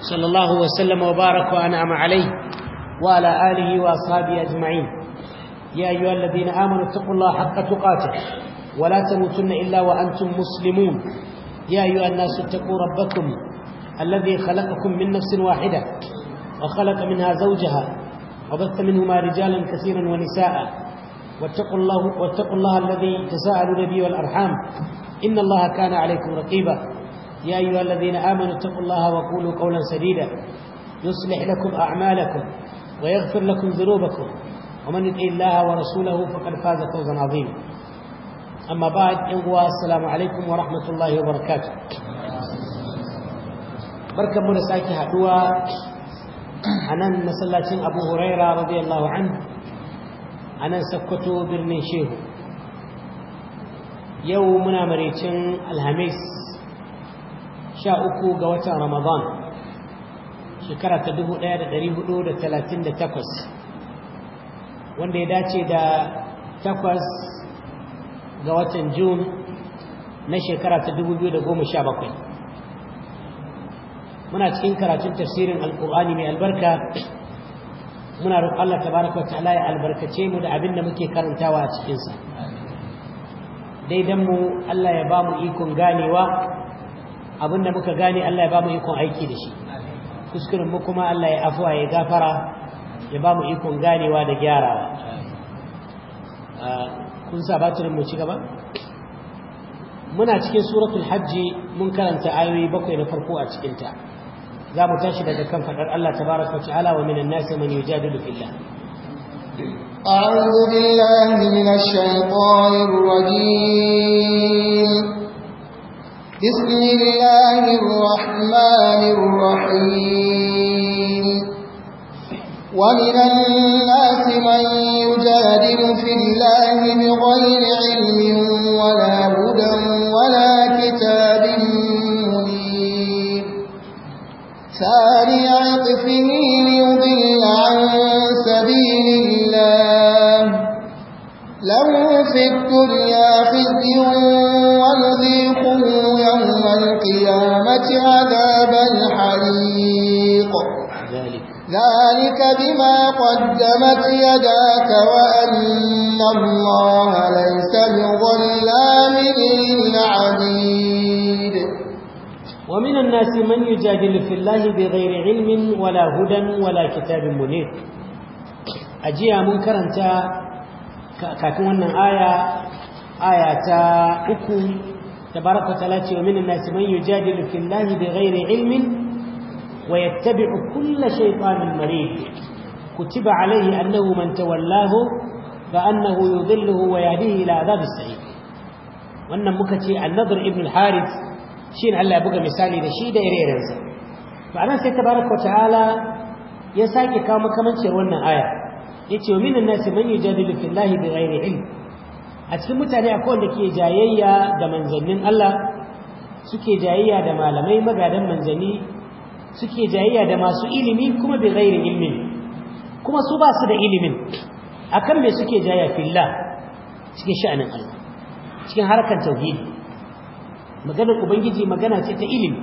صلى الله وسلم وبارك وأنعم عليه وعلى آله وأصحابه أجمعين يا أيها الذين آمنوا اتقوا الله حق تقاته ولا تموتن إلا وأنتم مسلمون يا أيها الناس اتقوا ربكم الذي خلقكم من نفس واحدة وخلق منها زوجها وبث منهما رجالا كثيرا ونساء واتقوا الله, واتقوا الله الذي تساءلوا به والأرحام إن الله كان عليكم رقيبا يا أيها الذين آمنوا اتقوا الله وقولوا قولا سديدا يصلح لكم أعمالكم ويغفر لكم ذنوبكم ومن يطع الله ورسوله فقد فاز فوزا عظيما أما بعد إخوة السلام عليكم ورحمة الله وبركاته بركة من ساكي حدوى أنا مسلاتين أبو هريرة رضي الله عنه أنا سكتو برني شيخ yau muna maraicin alhamis sha uku ga watan ramadan shekara ta dubu ɗaya da ɗari hudu da talatin da takwas wanda ya dace da takwas ga watan Jun na shekara ta dubu biyu da goma sha bakwai muna cikin karatun tafsirin qurani mai albarka muna roƙon Allah tabaraka ta'ala ya albarkace mu da abin da muke karantawa a cikinsa daidan mu Allah ya ba mu ikon ganewa Abin da muka gane Allah ya ba mu ikon aiki da shi kuskuren mu kuma Allah ya afuwa ya gafara ya ba mu ikon ganewa da gyarawa ah, kun sa batirin mu ci gaba muna cikin suratul hajji mun karanta ayoyi bakwai na farko a cikinta za mu tashi daga kan faɗar Allah ta wa ta'ala wa minan nasi man yujadilu fillah أعوذ بالله من الشيطان الرجيم بسم الله الرحمن الرحيم ومن الناس من يجادل في الله بغير علم ولا هدى ولا كتاب منير ثاني عطفه ليضل عن سبيل الله له في الدنيا خزي يوم القيامة عذاب الحريق ذلك بما قدمت يداك وأن الله ليس بظلام للعبيد ومن الناس من يجادل في الله بغير علم ولا هدى ولا كتاب منير أجيها منكرا كاكونا آية آية أكو tabaraka ta'ala ce wa minan nasi man yujadilu fillahi bighairi ilmin wa yattabi'u kulla shaytanin marid kutiba alayhi annahu man tawallahu fa annahu yudhilluhu wa yahdihi ila adhab as-sa'ir wannan muka ce an ibn al-harith shin Allah ya buga misali da shi da ire-irensa ma'ana sai tabaraka ta'ala ya sake kawo makamancin wannan aya yace wa minan nasi man a cikin mutane akwai wanda ke jayayya da manzannin Allah suke jayayya da malamai magadan manzanni suke jayayya da masu ilimi kuma bi ghairi ilmin kuma su ba su da ilimin akan me suke jayayya fillah cikin sha'anin Allah cikin harkar tauhidi maganar ubangiji magana ce ta ilimi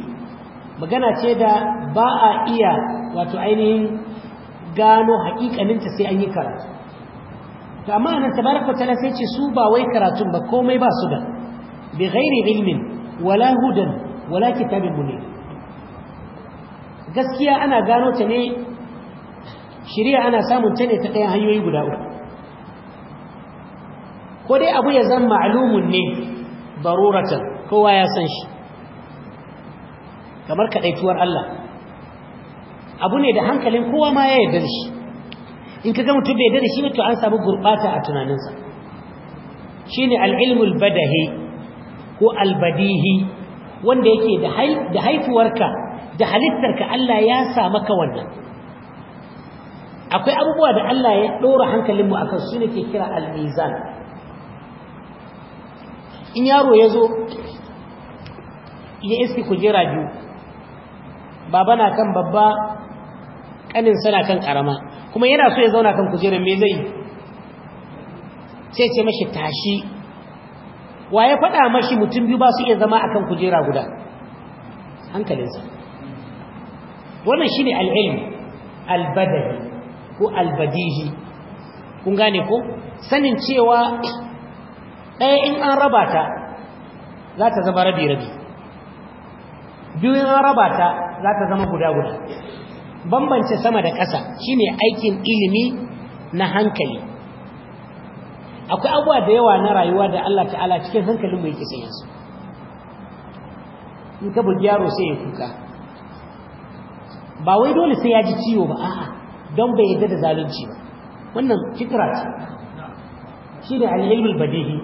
magana ce da ba a iya wato ainihin gano hakikaninta sai an yi karatu to amma nan tabaraka ta sai ce su ba wai karatun ba komai ba su da bi ghairi ilmin wala hudan wala kitabin munir gaskiya ana gano ta ne shari'a ana samun ta ne ta ɗayan hanyoyi guda uku ko dai abu ya zan ma'lumun ne daruratan kowa ya san shi kamar kadaituwar Allah abu ne da hankalin kowa ma ya yarda shi in ka ga mutum bai da shi ne to an samu gurbata a tunaninsa shine al-ilmul badahi ko al'badihi, wanda yake da da haifuwarka da halittarka Allah ya sa maka wannan akwai abubuwa da Allah ya ɗora hankalin mu akan su ne ke kira al in yaro ya zo ya iski kujera biyu baba na kan babba kanin sana kan ƙarama. kuma yana so ya zauna kan kujerar me zai sai ce mashi tashi wa ya faɗa mashi mutum biyu ba su iya zama akan kujera guda hankalinsa wannan shine al'ilm albadali ko albadihi kun gane ko sanin cewa ɗaya in an raba ta za ta zama rabi-rabi biyu in an raba ta za ta zama guda-guda bambance sama da ƙasa shine aikin ilimi na hankali akwai abuwa da yawa na rayuwa da Allah ta'ala cikin hankalin mai kisa sayan su in ka bugi yaro sai ya kuka ba wai dole sai ya ji ciwo ba a'a don bai yadda da zalunci ba wannan fikira ce shi da alilmul badihi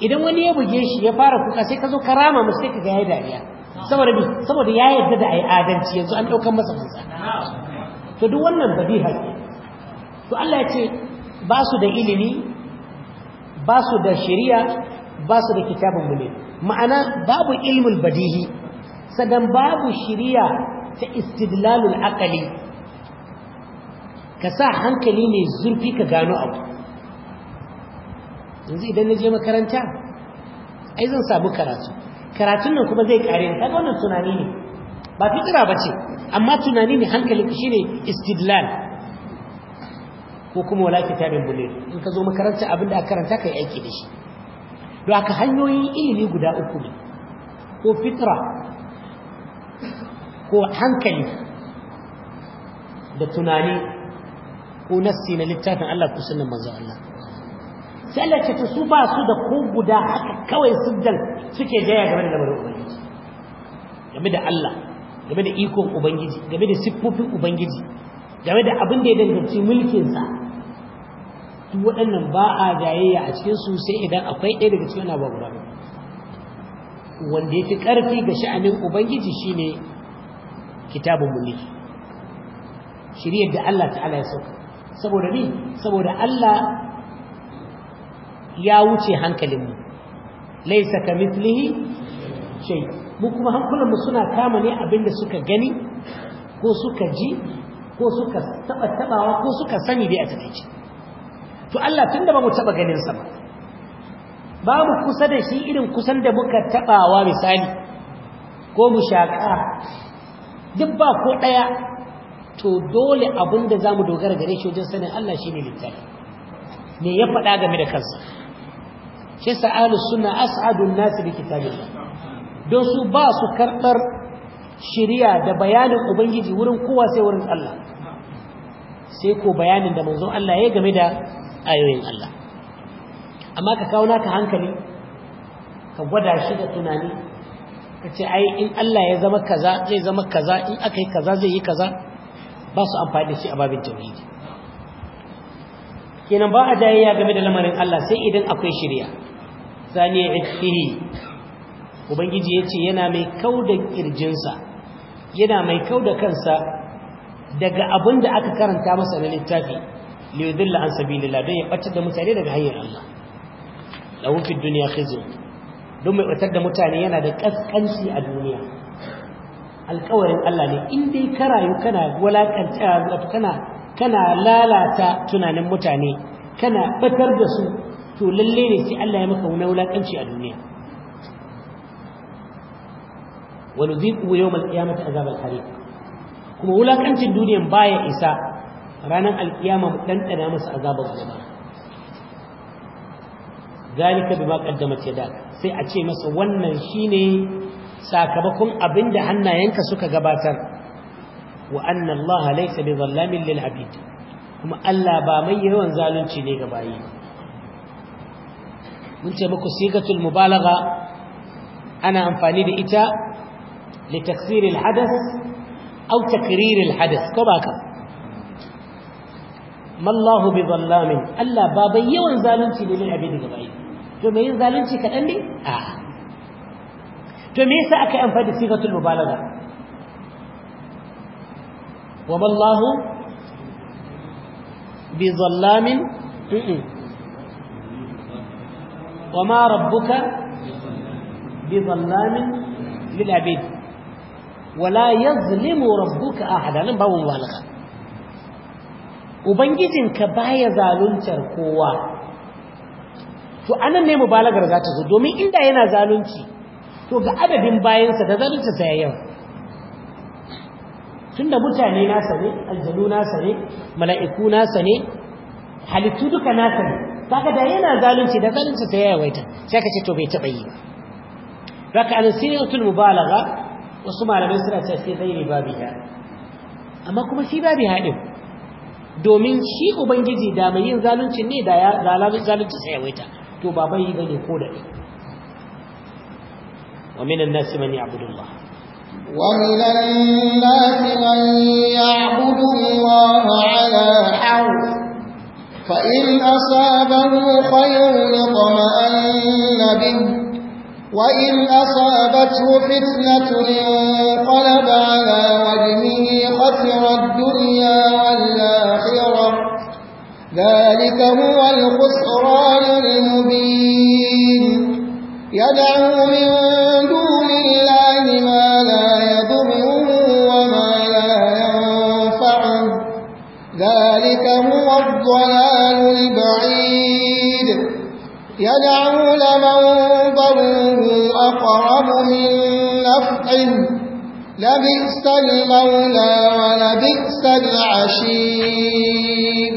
idan wani ya buge shi ya fara kuka sai ka zo ka rama mu sai ka ga ya dariya saboda bi saboda ya yarda da ai adalci yanzu an daukar masa musa to duk wannan badiha to Allah ya ce ba su da ilimi ba su da shari'a ba su da kitabun mulk ma'ana babu ilmul badihi sadan babu shari'a ta istidlalul aqli ka sa hankali ne zurfi ka gano abu yanzu idan na je makaranta ai zan samu karatu karatun nan kuma zai kare ga wannan tunani ne ba fikira bace amma tunani ne hankalin ne istidlal ko kuma wala kitabin in ka zo makaranta abinda aka karanta kai aiki da shi don aka hanyoyin ilimi guda uku ne ko fitra ko hankali da tunani ko nassi na littafin Allah ko sunnan manzon Allah sai Allah ta su ba su da ko guda haka kawai su siddan suke jaya game da lamarin ubangiji game da Allah game da ikon ubangiji game da siffofin ubangiji game da abin da ya danganci mulkinsa duk waɗannan ba a jayayya a cikin su sai idan akwai ɗaya daga cikin abu guda wanda ya fi ƙarfi ga sha'anin ubangiji shi ne kitabun mulki shiriyar da Allah ta'ala ya sauka saboda ni saboda Allah ya wuce hankalinmu laisa ka mislihi shai mu kuma hankulanmu suna kama ne abinda suka gani ko suka ji ko suka taba tabawa ko suka sani dai a takaice to Allah tunda ba mu taba ganin sa ba ba mu kusa da shi irin kusan da muka tabawa misali ko mu shaka duk ba ko daya to dole abinda zamu dogara gare shi wajen sanin Allah shine littafi me ya faɗa game da kansa shi sa ahlus sunna as'adun nas bi kitabillah don su ba su karbar shiriya da bayanin ubangiji wurin kowa sai wurin Allah sai ko bayanin da manzon Allah ya game da ayoyin Allah amma ka kawo naka hankali ka gwada shi da tunani ka ce ai in Allah ya zama kaza zai zama kaza in aka yi kaza zai yi kaza ba su amfani da shi a babin tauhidi kenan ba a jayayya game da lamarin Allah sai idan akwai shirya Sani ثاني عتقه ubangiji ya ce yana mai kau ƙirjinsa yana mai kau da kansa daga abin da aka karanta masa na littafi liyudilla an sabi lila don ya ɓatar da mutane daga hanyar Allah da wufin duniya khizir don mai ɓatar da mutane yana da ƙasƙanci a duniya alƙawarin Allah ne in dai ka rayu kana walakanta kana lalata tunanin mutane kana ɓatar da su to lalle ne sai Allah ya maka wani wulakanci a duniya wa nuziqu yawm al-qiyamati a al-hariq kuma wulakancin duniyan baya isa ranar al-qiyama mu dandana masa azabar zama zalika ƙaddamar qaddamat da, sai a ce masa wannan shi ne sakamakon abin da hannayenka suka gabatar wa anna Allah laysa bi dhallamin lil kuma Allah ba mai yawan zalunci ne ga bayi mun ce muku sigatul mubalagha ana amfani da ita li taksiril hadas aw takriril hadas ko baka? mallahu bi zallamin Allah ba bai yawan zalunci ne lil abidi gaba yi to me yin zalunci kadan ne a to me yasa aka amfani da sigatul mubalagha wa mallahu bi zallamin wa ma rabbuka bi zallamin lil abid wala yazlimu rabbuka ahada nan babu mubalagha ubangijinka baya zaluntar kowa to anan ne mubalagar za ta zo domin inda yana zalunci to ga adadin bayansa da zalunci sai yawa tunda mutane nasa ne aljanu nasa ne mala'iku nasa ne halittu duka nasa kaga da yana zalunci da zalunci sai ya yawaita sai ka ce to bai taba yi ba haka al-siratul mubalagha wasu malamai suna cewa sai zai babiya amma kuma shi babi hadin domin shi ubangiji da mai yin zalunci ne da ya zalunci sai ya yawaita to ba bai bane ko da ne wa minan nasi man ya'budullah wa minan nasi man ya'budu Allah ala harf فإن أصابه خير اطمأن به وإن أصابته فتنة انقلب على وجهه خسر الدنيا والآخرة ذلك هو الخسران المبين يدعو من دون يدعو لمن ضره أقرب من نفعه لبئس المولى ولبئس العشير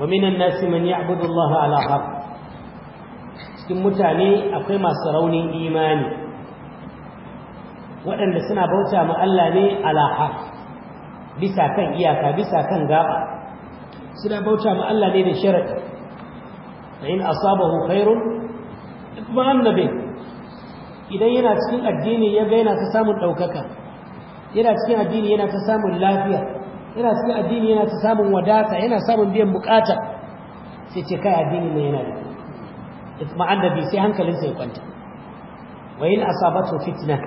ومن الناس من يعبد الله على حق cikin mutane akwai masu raunin imani waɗanda suna bauta ma Allah ne ala bisa kan iyaka bisa kan gaba suna bauta ma Allah ne da sharadi fa in asabahu khairun itma'anna bih idan yana cikin addini ya ga yana ta samun daukaka yana cikin addini yana ta samun lafiya yana cikin addini yana ta samun wadata yana samun biyan bukata sai ce kai addini ne yana da itma'anna bi sai hankalin ya kwanta wa in asabatu fitna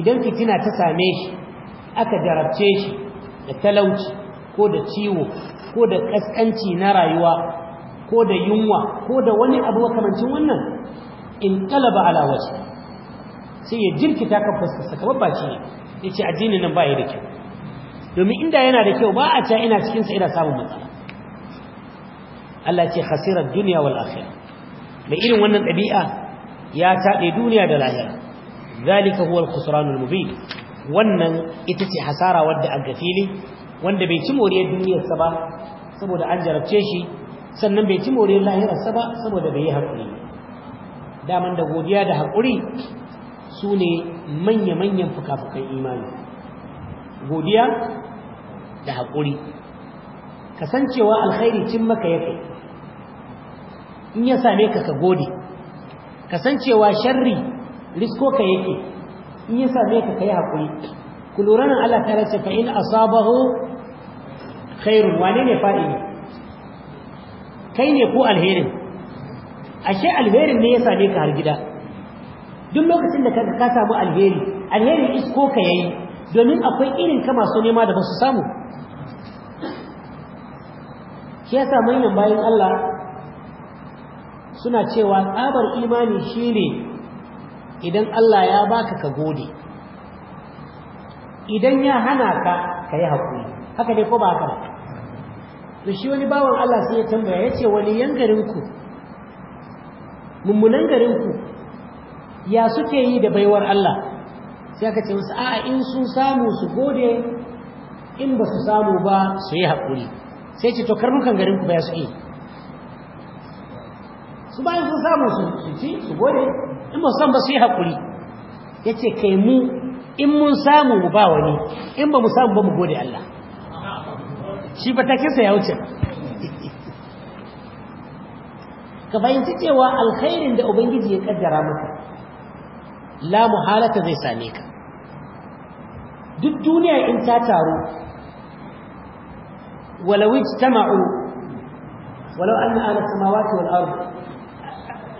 idan fitina ta same shi aka jarabce shi da talauci ko da ciwo ko da kaskanci na rayuwa ko da yunwa ko da wani abu makamancin wannan in talaba ala sai ya jirkita kan fuskarsa kamar baci ne ya ce addinin nan ba ya da kyau domin inda yana da kyau ba a ca ina cikinsa ina samun matsala Allah ce hasirar duniya wal mai irin wannan ɗabi'a ya taɗe duniya da lahira zalika huwa al-khusranul mubin wannan ita ce hasara wadda a fili wanda bai ci moriyar duniyarsa ba saboda an jarabce shi sannan bai ci moriyar lahirarsa ba saboda bai yi haƙuri daman da godiya da haƙuri su ne manya-manyan fuka-fukan imani godiya da haƙuri kasancewa alkhairi cin maka ya kai in ya same ka ka gode kasancewa sharri risko ka yake in ya same ka ka yi haƙuri ku lura nan Allah ta ce fa’in in asabahu khairun wane ne fa'ili kai ne ko alherin ashe alherin ne ya same ka har gida duk lokacin da kaka ka samu alheri alherin isko ka yayi domin akwai irin ka masu nema da basu samu shi yasa manyan bayan Allah suna cewa tsabar imani shine idan Allah ya baka ka gode idan ya hana ka ka yi haƙuri haka dai ko ba haka ba to shi wani bawan Allah sai ya tambaya ya ce wani yan ku mummunan garinku ya suke yi da baiwar Allah sai aka ce musu a'a in sun samu su gode in ba su samu ba su yi haƙuri sai ce to karnukan garinku ba ya suke su bayan sun samu su ci su gode in ba su samu ba su yi haƙuri ya ce kai mu in mun samu mu ba wani in ba mu samu ba mu gode Allah shi fatakinsa ya wuce ka fahimci cewa alkhairin da ubangiji ya kaddara maka la muhalata zai same ka duk duniya in ta taru walau ijtama'u walau anna ala samawati wal ard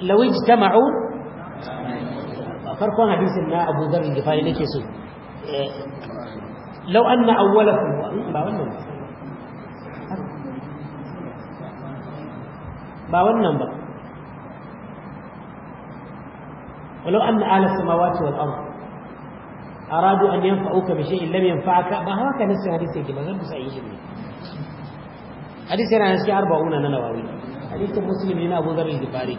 law ijtama'u farkon hadisin na Abu Dharr gifari nake so eh, law anna awwalakum ba wannan ba wannan ba ولو أن أهل السماوات والأرض أرادوا أن ينفعوك بشيء لم ينفعك ما هو كان نسي حديث كما غير بس أي شيء حديث أنا نسي أربعون أنا نواوي حديث مسلم هنا أبو ذر الجفاري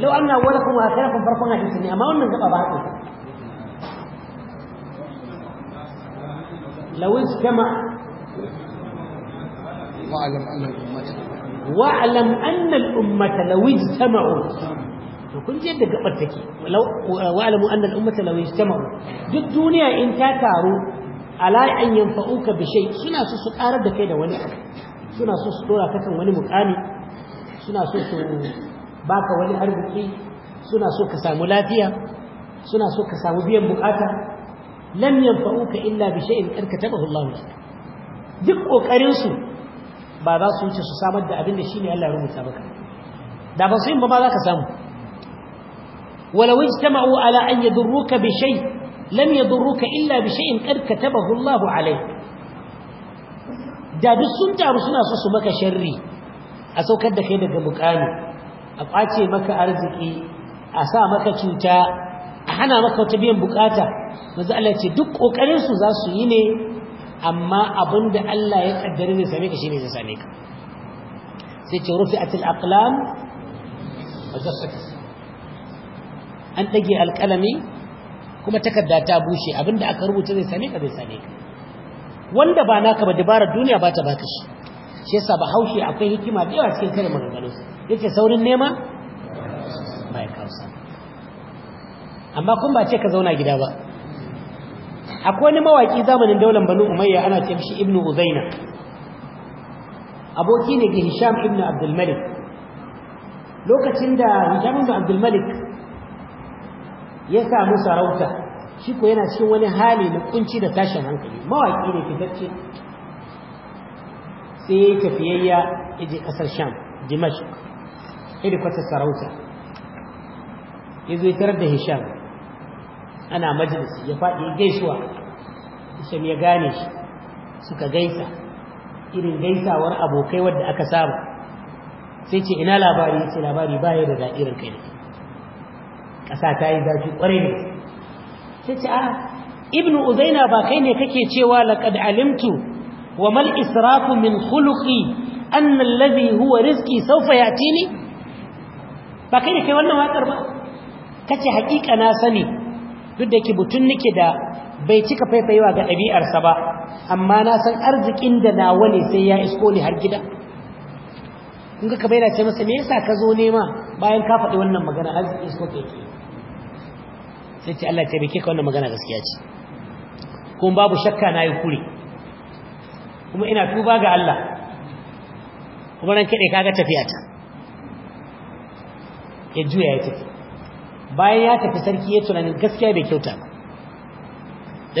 لو أن أولكم وآخركم فرقنا حديثني أما أن نقع بعضكم لو اجتمع واعلم أن wa'alam annal ummata law ijtama'u to kun je da gabar take wa'alamu annal ummata law ijtama'u duk duniya in ta taru ala an yanfa'uka bishai suna so su ƙarar da kai da wani abu suna so su dora ka wani mukami suna so su baka wani arziki suna so ka samu lafiya suna so ka samu biyan bukata lam yanfa'uka illa bi shay'in kad katabahu Allah duk kokarin su ba za su wuce su samar da abin da shi ne Allah ya rubuta baka. da ba su yin ba za ka samu ولو اجتمعوا على أن يضروك بشيء illa يضروك إلا بشيء قد كتبه الله عليك da duk sun taru suna so su maka sharri a saukar da kai daga mukami a kwace maka arziki a sa maka cuta a hana maka wata biyan bukata manzo Allah ce duk ƙoƙarinsu za su yi ne amma abin da Allah ya kaddare zai same ka shi ne zai same ka sai ce rufi atil aqlam wa jassat an dage alƙalami kuma takarda ta bushe abin da aka rubuta zai same ka zai same ka wanda ba naka ba dabarar duniya ba ta baka shi shi yasa ba haushi akwai hikima da yawa cikin kare maganganu yace saurin nema ba ya kawo amma kun ba ce ka zauna gida ba akwai wani mawaki zamanin daular banu umayya ana ce shi ibnu uzaina aboki ne ga hisham ibnu abdul malik lokacin da hisham ibnu abdul malik ya samu sarauta shi ko yana cikin wani hali na kunci da tashin hankali mawaki ne fitacce sai ya tafiyayya ya je kasar sham dimashq irin kwata sarauta ya zo ya tarar da hisham ana majalisi ya faɗi ya gaisuwa sai ya gane shi suka gaisa irin gaisawar abokai wadda aka saba sai ce ina labari sai labari ba ya da da'irin kai ne, ƙasa ta yi zafi ƙwarai ne sai ce a ibn uzaina ba kai ne kake cewa laqad alimtu wa mal israfu min khuluqi anna alladhi huwa rizqi sawfa yatini ba kai ne kai wannan wakar ba kace haƙiƙa na sani duk da ki butun nake da bai cika faifaiwa ga ɗabi'arsa ba amma na san arzikin da na wani sai ya isko ni har gida kun ga kaba yana ce masa me yasa ka zo nema bayan ka faɗi wannan magana arziki isko ka yake? sai ce Allah ya taimake ka wannan magana gaskiya ce kuma babu shakka na yi kure kuma ina tuba ga Allah kuma ran kaɗe kaga tafiya ta ya juya ya tafi bayan ya tafi sarki ya tunanin gaskiya bai kyauta ba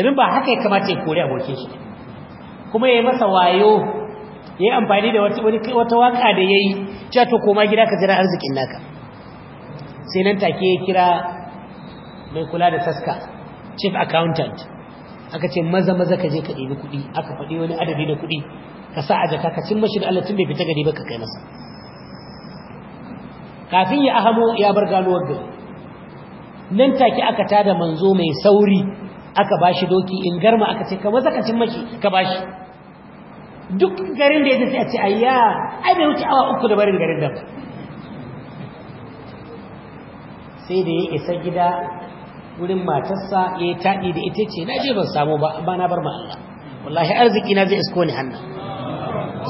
domin ba haka ya kamata ya kori abokin shi kuma yayi masa wayo yayi amfani da wata wata waka da yayi cewa to koma gida ka jira arzikin naka sai nan take ya kira mai kula da taska chief accountant aka ce maza maza ka je ka ɗebi kuɗi aka faɗi wani adadi da kuɗi ka sa a jaka ka cin mashi da Allah tun bai fita gari ba ka kai masa kafin ya ahamo ya bar ganuwar gari nan take aka tada manzo mai sauri aka bashi doki in garma aka ce ka maza ka cin mashi ka bashi duk garin da ya sai a ce ayya ai bai wuce awa uku da barin garin da sai da ya isa gida wurin matarsa ya yi taɗi da ita ce na je ban samu ba amma na bar ma Allah wallahi arziki na zai isko ni hannu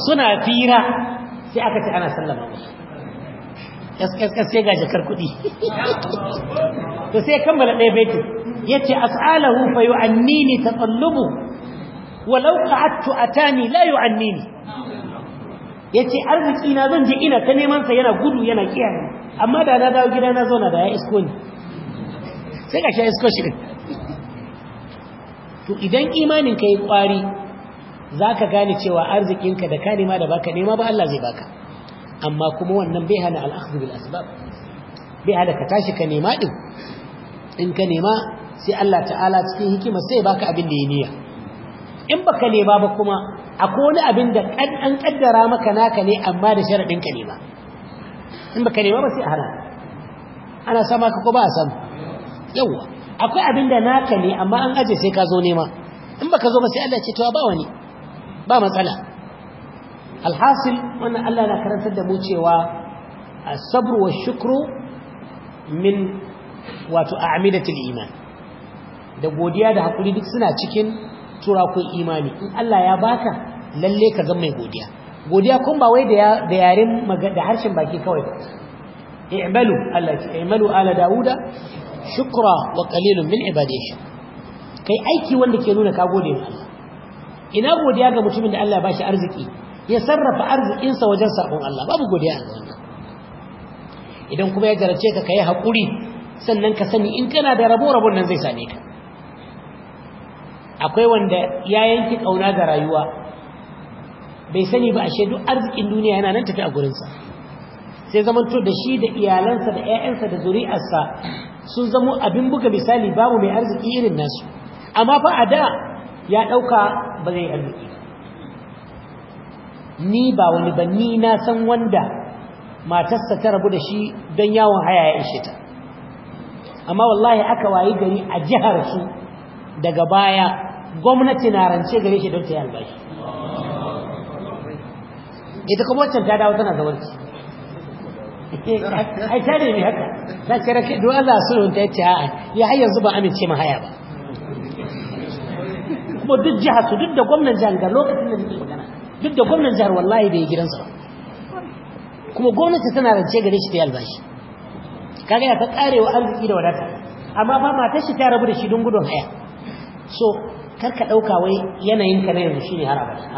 suna fira sai aka ce ana sallama musu kaskaskas sai ga jakar kuɗi to sai kammala ɗaya baitin yace as'alahu fa yu'annini taqallubu walau qa'adtu atani la yu'annini yace arziki na zan je ina ta neman sa yana gudu yana kiyaye amma da na dawo gida na zauna da ya isko ni sai ka sha isko shi to idan imanin ka yi kwari zaka gane cewa arzikinka da ka nema da baka nema ba Allah zai baka amma kuma wannan bai hana al-akhdh bil asbab bai hana ka tashi ka nema din in ka nema sai Allah ta'ala cikin hikima sai baka abin da ya niyya in baka ne ba ba kuma akwai wani abin da an kaddara maka naka ne amma da sharadin ka ne ba in baka ne ba ba sai a hana ana sama ka ko ba a samu yawa akwai abin da naka ne amma an aje sai ka zo nema in baka zo ba sai Allah ce to ba wani ba matsala alhasil wannan Allah na karantar da mu cewa as-sabr wa shukru min wato a'midatul iman da godiya da hakuri duk suna cikin turakun imani in Allah ya baka lalle ka zama mai godiya godiya kun ba wai da yaren da harshen baki kawai ba i'malu Allah ya i'malu ala dauda shukra wa qalilun min ibadihi kai aiki wanda ke nuna ka gode ma ina godiya ga mutumin da Allah ya bashi arziki ya sarrafa arzikinsa wajen sabon Allah babu godiya a wannan idan kuma ya garace ka kai hakuri sannan ka sani in kana da rabo rabon nan zai same ka akwai wanda ya yanki kauna da rayuwa bai sani ba ashe duk arzikin duniya yana nan tafi a gurinsa sai zaman to da shi da iyalansa da 'ya'yansa da zuri'arsa sun zamo abin buga misali babu mai arziki irin nasu amma fa a da ya ɗauka ba zai arziki ni ba wani ba ni na san wanda matarsa ta rabu da shi don yawon haya ya ishe ta amma wallahi aka wayi gari a jihar su daga baya gwamnati na rance gare shi don ta yi albashi ita kuma wancan ta dawo tana zawarci ai ta ne haka na kira ke za su sulhun ta yace a'a ya har yanzu ba amince ma haya ba kuma duk jiha su duk da gwamnan jihar ga lokacin da muke magana duk da gwamnan jihar wallahi bai gidansa ba kuma gwamnati tana rance gare shi ta yi albashi kaga ya ta karewa arziki da wadata amma ba matar shi ta rabu da shi don gudun haya so kar ka ɗauka wai yanayin ka na yanzu shine har abada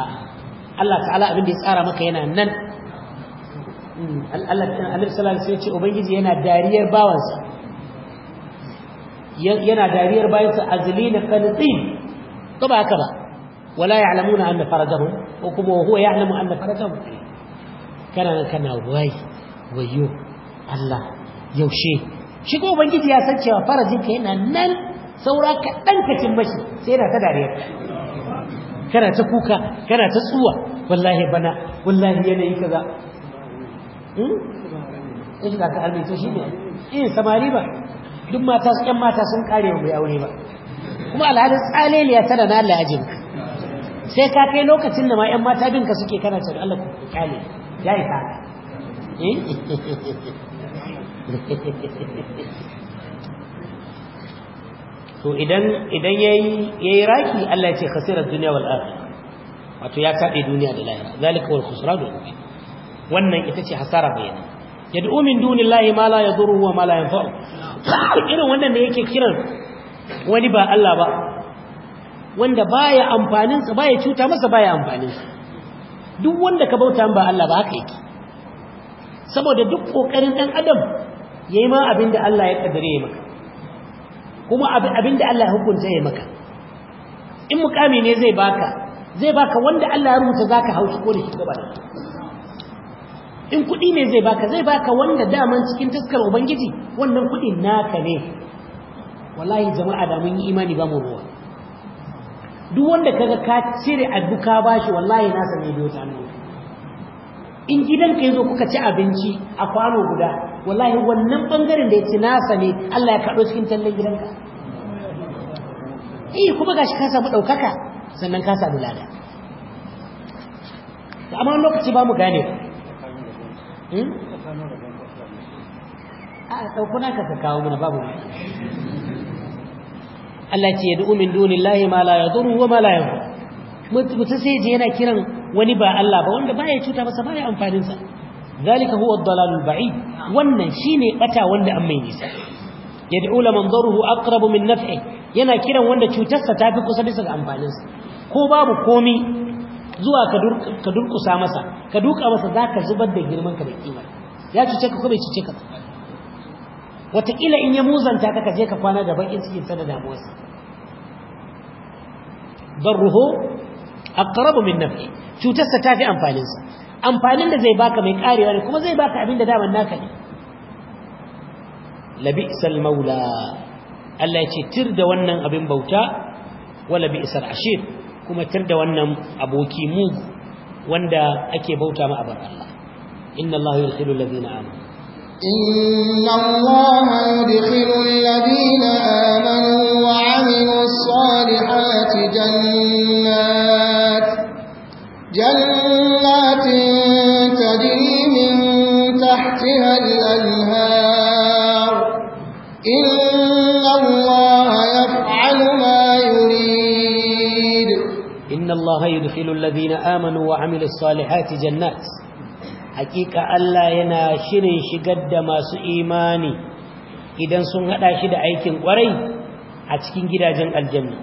Allah ta'ala abin da ya tsara maka yana nan Allah Annabi sallallahu alaihi wasallam ubangiji yana dariyar bawansa yana dariyar bayansa azlina qanitin to ba haka ba wala ya'lamuna anna farajahum ko kuma huwa ya'lamu anna farajahum kana kana wai wayo Allah yaushe shi ko ubangiji ya san cewa farajinka yana nan saura kaɗan ka cin bashi sai yana ta dariya kana ta kuka kana ta tsuwa wallahi bana wallahi yanayi kaza in shiga ka albaita shi ne in eh, samari ba duk mata su ƴan mata sun kare mai aure ba kuma alhalin tsaleliya tana na lajin sai ka kai lokacin da ma ƴan mata bin ka suke kana cewa Allah ku kyale ya yi ka to idan idan yayi yayi raki Allah ya ce khasirar dunya wal akhirah wato ya tabe duniya da lahira zalika wal khusran mubin wannan ita ce hasara bayani yad'u min dunillahi ma la yadurruhu wa ma la yanfa'u irin wannan da yake kiran wani ba Allah ba wanda baya amfanin sa baya cuta masa baya amfanin sa duk wanda ka bauta ba Allah ba haka yake saboda duk kokarin dan adam yayi ma abinda Allah ya kaddare maka kuma abinda Allah ya hukunta ya maka in mukami ne zai baka zai baka wanda Allah ya rubuta zaka haushi ko da shi gaba da in kudi ne zai baka zai baka wanda daman cikin taskar ubangiji wannan kudin naka ne wallahi jama'a da mun yi imani ba mu ruwa duk wanda kaga ka cire adduka bashi wallahi na ne biyo ta nan in gidanka yazo kuka ci abinci a kwano guda wallahi wannan bangaren da ya ci nasa ne Allah ya kaɗo cikin tallan gidanka eh kuma gashi ka samu ɗaukaka sannan ka samu lada To amma lokaci ba mu gane hmm? a ɗaukuna ka ka kawo mana babu Allah ce ya du'u min dunillahi ma la yadurru wa ma la yanfa'u mutum sai je yana kiran wani ba Allah ba wanda baya cuta masa baya amfanin sa zalika huwa ad-dalal wannan shine bata wanda an mai nisa yad'u man daruhu aqrabu min naf'i yana kiran wanda cutarsa ta fi kusa bisa ga amfaninsa ko babu komi zuwa ka durkusa masa ka duka masa zaka zubar da girman ka da kimar ya cuce ka ko bai cuce ka wataƙila in ya muzanta ka kaje ka kwana da bakin cikin sa da damuwarsa darruhu aqrabu min naf'i cutarsa ta fi amfaninsa amfanin da zai baka mai karewa ne kuma zai baka abin da daman naka ne labi'sal maula Allah ya ce tir da wannan abin bauta wala bi'sal ashir kuma tir da wannan aboki mugu wanda ake bauta ma abar Allah inna Allah yudkhilu alladhina amanu inna Allah yudkhilu alladhina amanu wa 'amilus salihati jannat jannat yudkhilu alladhina amanu wa amilu ssalihati jannat haqiqa Allah yana shirin shigar da masu imani idan sun haɗa shi da aikin kwarai a cikin gidajen aljanna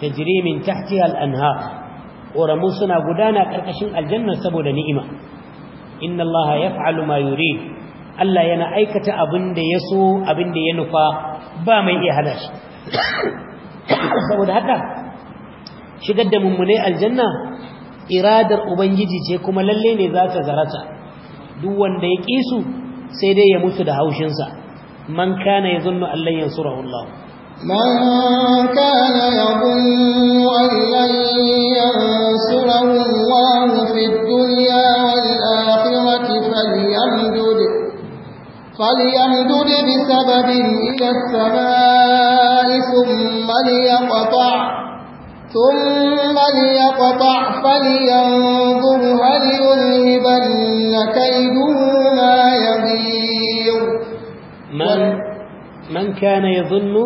tajri min tahtiha al-anhar ƙoramu suna gudana ƙarƙashin aljanna saboda ni'ima inna allaha yaf'alu ma yurid Allah yana aikata abin da ya so abin da ya nufa ba mai iya hada saboda haka shigar da mummunai aljanna iradar ubangiji ce kuma lalle ne za ta zarata duk wanda ya ƙi su sai dai ya mutu da haushinsa man kana ya zunnu allan yansurahu Allah man kana yadhunnu allan yansurahu Allah fi dunya wal akhirati falyamdud falyamdud bi sababin ila as-samaa'i thumma liyaqta' ثم ليقطع فلينظر هل يذهبن كيده ما يغير من, من كان يظن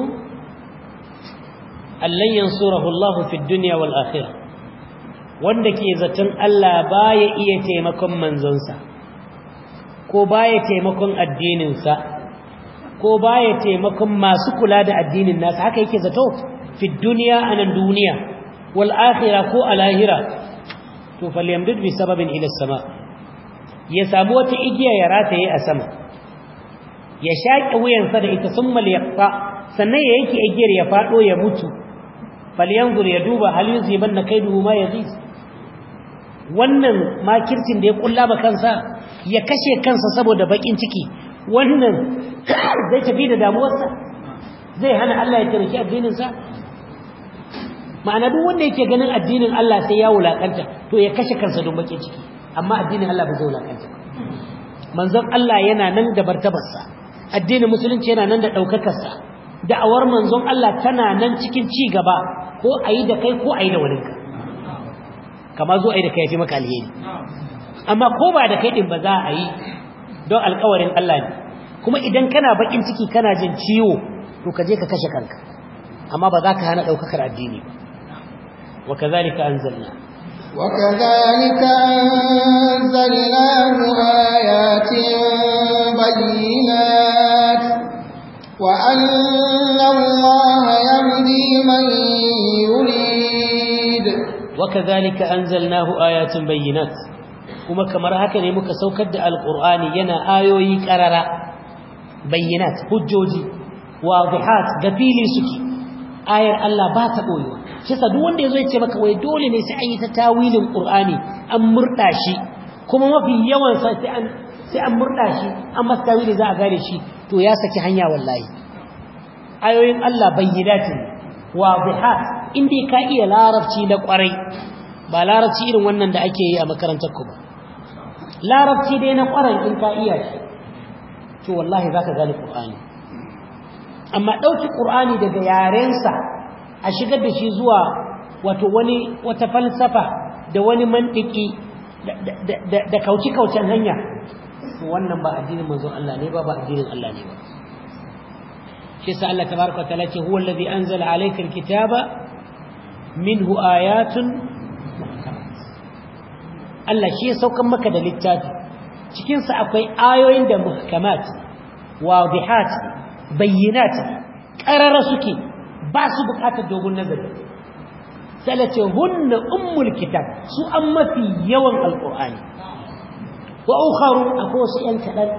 أن لن ينصره الله في الدنيا والآخرة wanda ke zaton Allah baya iya taimakon manzonsa ko baya taimakon addininsa ko baya taimakon masu kula da addinin nasa haka yake zato fi duniya anan duniya wal akhirah ko al akhirah to falyamdud bi sababin ila sama ya sami wata igiya ya rataye a sama ya shaƙe wuyansa da ita sun maliyarsa sannan ya yake igiyar ya faɗo ya mutu falyanzur ya duba hal yuziban na kai duhu ma ya ziz wannan makircin da ya kulla ba kansa ya kashe kansa saboda bakin ciki wannan zai tafi da damuwarsa zai hana Allah ya taimaki addininsa ma'ana duk wanda yake ganin addinin Allah sai ya wulakanta to ya kashe kansa don bakin ciki amma addinin Allah ba zai wulakanta manzon Allah yana nan da martabarsa addinin musulunci yana nan da daukakarsa da'awar manzon Allah tana nan cikin ci gaba ko ayi da kai ko ayi da ka, kama zo ayi da kai yafi maka alheri amma ko ba da kai din ba za a yi don alƙawarin Allah ne kuma idan kana bakin ciki kana jin ciwo to ka je ka kashe kanka amma ba za ka hana daukakar addini ba وكذلك أنزلنا وكذلك أنزلناه آيات بينات وأن الله يهدي من يريد وكذلك أنزلناه آيات بينات kuma kamar haka ne muka saukar da alkur'ani yana ayoyi karara bayyinat hujjoji wadihat da fili suke ayar Allah ba ta koyo Kisa duk wanda yazo ya ce maka wai dole ne sai an yi ta tawilin qur'ani an murda shi kuma mafi yawan sa sai an sai an murda shi an masa tawili za a gane shi to ya saki hanya wallahi ayoyin Allah wa biha indai ka iya larabci da kwarai ba larabci irin wannan da ake yi a makarantar ku ba larabci dai na kwarai in ka iya shi to wallahi zaka gane qur'ani amma dauki qur'ani daga yarensa a shigar da shi zuwa wato wani wata falsafa da wani mantiki da kauce kaucen hanya wannan ba addinin manzon Allah ne ba ba addinin Allah ne ba shi sa Allah tabaraka ta'ala ce huwa allazi anzala alayka alkitaba minhu ayatun muhkamat Allah shi ya saukan maka da littafi cikin sa akwai ayoyin da muhkamat wadihat bayyinat qarara suke ba su bukatar dogon nazari salace hunna ummul kitab su an mafi yawan alqur'ani wa ukharu akwai wasu yan kadan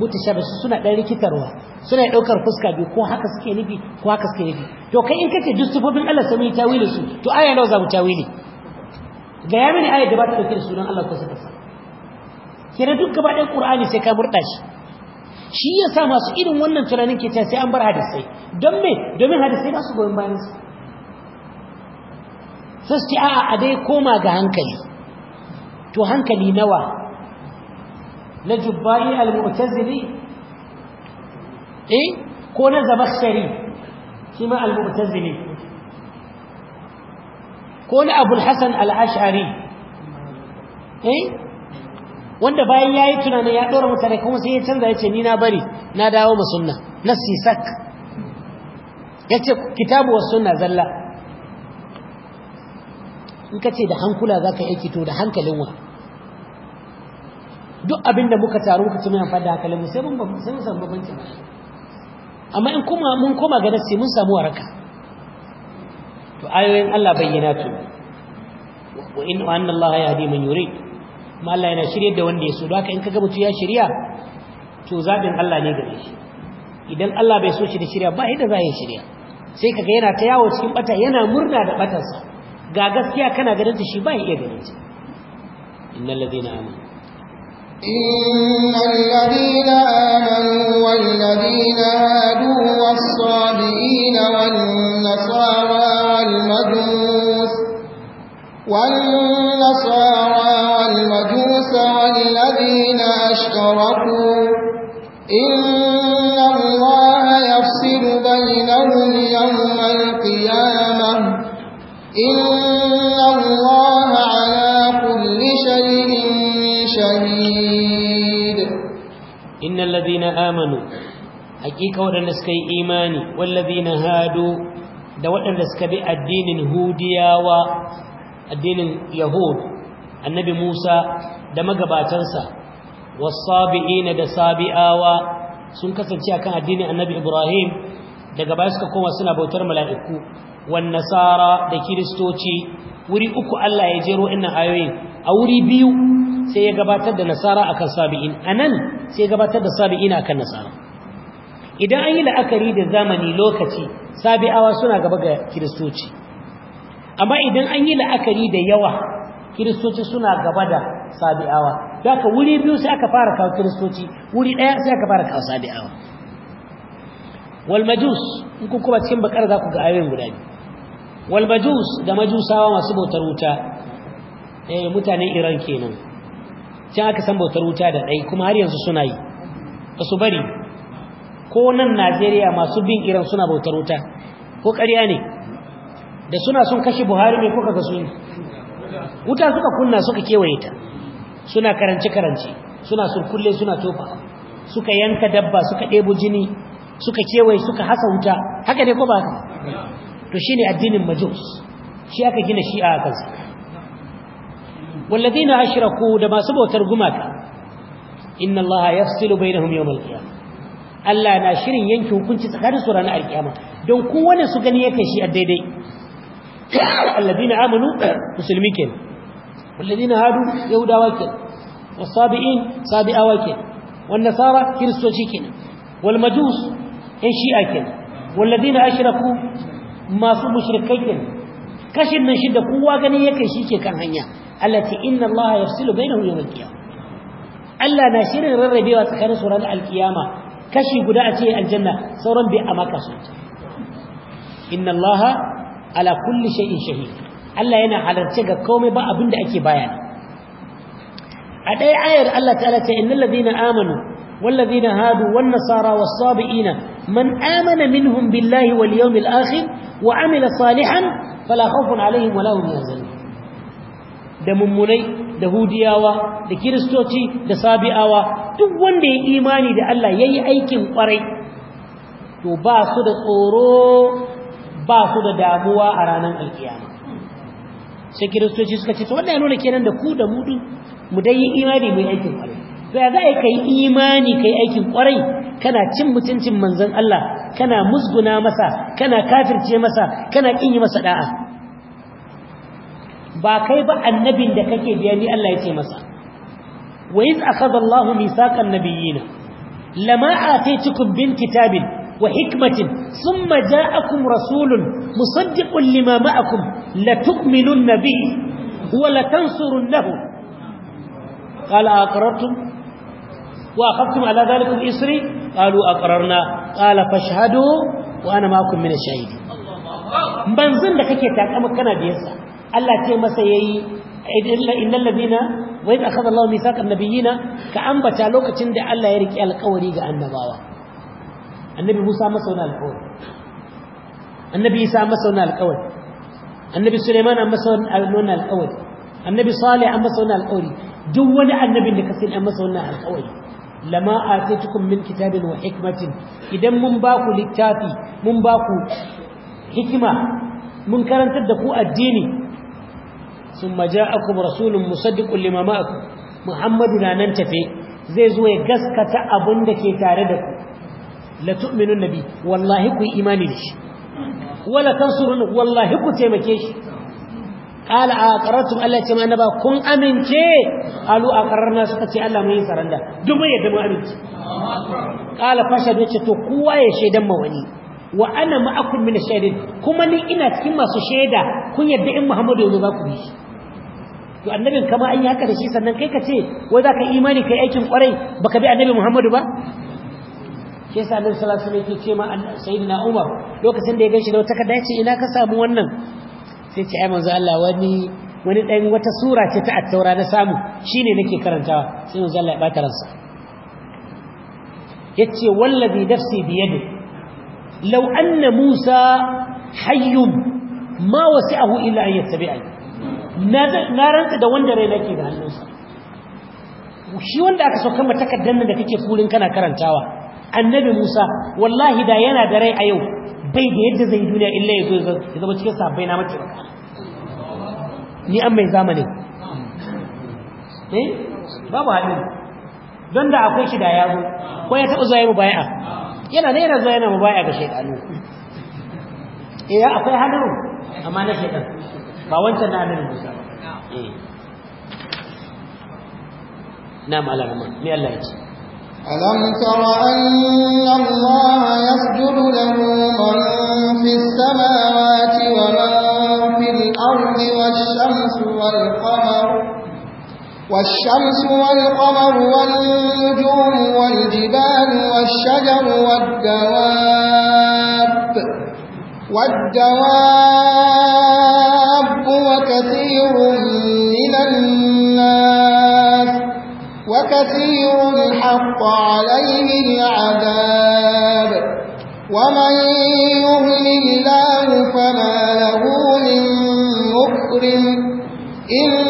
mutashabbih suna dan rikitarwa suna daukar fuska biyu ko haka suke nufi ko haka suke nufi to kai in kace duk sifofin Allah sai mu tawili su to aya nawa za mu tawili ga ya mini aya da ba ta dauke da sunan Allah ko sai ka sa kira duk gaba ɗayan qur'ani sai ka murɗa shi shi ya sa masu irin wannan tunanin ke sai an bar hadisai don me domin hadisai ba su goyon bayan su sai su ce a'a a dai koma ga hankali to hankali nawa na jubba'i al-mu'tazili eh ko na zabakhshari shi ma al-mu'tazili ko na abul hasan al-ash'ari eh wanda bayan ya yi tunanin ya ɗora mutane kuma sai ya canza ya ce ni na bari na dawo ma sunna na sisak ya ce kitabu wa sunna zalla in ka ce da hankula za ka yi kito da hankalin wa duk abin da muka taru muka tuna amfani da hankalin mu sai mun samu babanci ba amma in kuma mun koma ga nasi mun samu waraka to ayoyin Allah bayyana to wa in anna Allah yahdi man yurid ma Allah yana shirye da wanda ya so don haka in kaga mutu ya shirya to zabin Allah ne gare shi idan Allah bai so shi da shirya ba yadda za ya shirya sai kaga yana ta yawo cikin bata yana murna da batansa, ga gaskiya kana ganin ta shi ba ya iya ganin ta innal ladina amanu innal ladina amanu wal ladina hadu was sabiina wan nasara wal majus والنصارى والمجوس والذين أشتركوا إن الله يفصل بينهم يوم القيامة إن الله على كل شيء شهيد إن الذين آمنوا حقيقة ودن سكي إيماني والذين هادوا da waɗanda suka bi addinin hudiyawa addinin yahud annabi musa da magabatansa wasabi'ina da sabi'awa sun kasance akan addinin annabi ibrahim daga baya suka koma suna bautar mala'iku wan nasara da kiristoci wuri uku Allah ya jero innan ayoyin a wuri biyu sai ya gabatar da nasara akan sabi'in anan sai ya gabatar da sabi'in akan nasara idan an yi la'akari da zamani lokaci sabi'awa suna gaba ga kiristoci amma idan an yi la'akari da yawa kiristoci suna gaba da sabi'awa daga wuri biyu sai aka fara kawo kiristoci wuri ɗaya sai aka fara kawo sabi'awa wal majus in kun kuma cikin bakar za ku ga ayoyin guda biyu wal majus da majusawa masu bautar wuta eh mutanen iran kenan can aka san bautar wuta da ɗai kuma har yanzu suna yi ba su bari ko nan najeriya masu bin iran suna bautar wuta ko ƙarya ne da suna sun kashe buhari mai kuka ga su wuta suka kunna suka kewaye ta suna karance-karance suna surkulle suna tofa suka yanka dabba suka ɗebo jini suka kewaye suka hasa wuta haka ne ko ba haka to shi ne addinin majus shi aka gina shi a na walladina ku da masu bautar gumaka inna allaha yafsilu bainahum yawm Allah na shirin yanke hukunci tsakanin su ranar alkiyama don kowane su gani yake shi a daidai alladina amanu musulmi ke walladina hadu yahudawa ke wasabi'in sabi'awa ke wan nasara kiristoci ke wal majus in shi'a ke walladina ashraku masu mushrikai ke kashin nan shi da kowa gani yake shi ke kan hanya allati inna allaha yafsilu bainahum yawm al-qiyamah Allah na shirin rarrabewa tsakanin sauran alkiyama kashi guda a ce aljanna sauran bai amaka su ala kulli shay'in shahid Allah yana halarce ga komai ba abin da ake bayani a ɗaya ayar Allah ta'ala ce innal ladina amanu wal ladina hadu wan nasara was sabiina man amana minhum billahi wal yawmil akhir wa amila salihan fala khawfun alaihim wala hum yahzanun da mummunai da hudiyawa da kiristoci da sabi'awa duk wanda ya imani da Allah yayi aikin kwarai to ba su da tsoro ba su da damuwa a ranar alkiyama sai kiristoci suka ce to ya nuna kenan da ku da mudu mu dai yi imani mai yi aikin kwarai to ya za kai imani kai aikin kwarai kana cin mutuncin manzon Allah kana musguna masa kana kafirce masa kana kin yi masa da'a ba kai ba annabin da kake biya ni Allah ya ce masa wa iz akhadha Allahu mithaqan nabiyina lama ataytukum bin kitabin وحكمة ثم جاءكم رسول مصدق لما معكم لتؤمنن به ولتنصرنه قال أقررتم وأخذتم على ذلك إسري قالوا أقررنا قال فاشهدوا وأنا معكم من الشهيدين manzon da kake takama kana biyansa Allah ce masa yayi innal ladina wa idh akhadha Allahu mithaqan nabiyina ka ambata lokacin da Allah ya rike alƙawari ga annabawa annabi Musa masa wani alƙawari annabi Isa masa wani alƙawari annabi Suleiman an masa wani alƙawari annabi Salih an masa wani alƙawari duk wani annabin da ka sani an masa wani alƙawari lama atitukum min kitabin wa hikmatin idan mun ba ku littafi mun ba ku hikima mun karantar da ku addini sun summa ja'akum rasulun musaddiqun lima ma'akum muhammadu na nan tafe zai zo ya gaskata abin da ke tare da ku la tu'minun nabi wallahi ku imani da shi wala tansurun wallahi ku taimake shi qala aqarrtum Allah ce ma kun amince alu aqarrarna suka ce Allah mun yi saranda duk mai yadda mu amince qala fashad yace to kowa ya shaidan ma wani wa ana ma'akum min shaidin kuma ni ina cikin masu shaida kun yadda in Muhammadu yanzu za ku bi shi to annabin kama an yi haka da shi sannan kai ka ce wai za ka imani kai aikin kwarai baka bi annabi Muhammadu ba shi yasa nan sallallahu ne ke ce ma sayyidina Umar lokacin da ya gaishe da wata kada ce ina ka samu wannan sai ce ai manzo Allah wani wani dan wata sura ce ta at-taura na samu shine nake karantawa sai manzo Allah ya bata ransa yace wallazi nafsi bi yadi law anna Musa hayyun ma wasi'ahu illa an yattabi'ani na rantsa da wanda rai nake da hannunsa shi wanda aka sauka mata takaddan da kake kulin kana karantawa annabi Musa wallahi da yana da rai a yau bai da yadda zai duniya illa ya zo ya zama cikin sabbai na mace ni an mai zamani eh babu haɗi don da akwai shi da ya zo ko ya taɓa zuwa yi mubaya yana ne yana zuwa yana mubaya ga shaidanu eh akwai hadarin amma na shekar ba wancan na annabi Musa eh na malamin ni Allah ya ce ألم تر أن الله يسجد له من في السماوات ومن في الأرض والشمس والقمر والشمس والقمر والنجوم والجبال والشجر والدواب والدواب كثير حق عليه العذاب ومن يهل الله فما له من مكر إن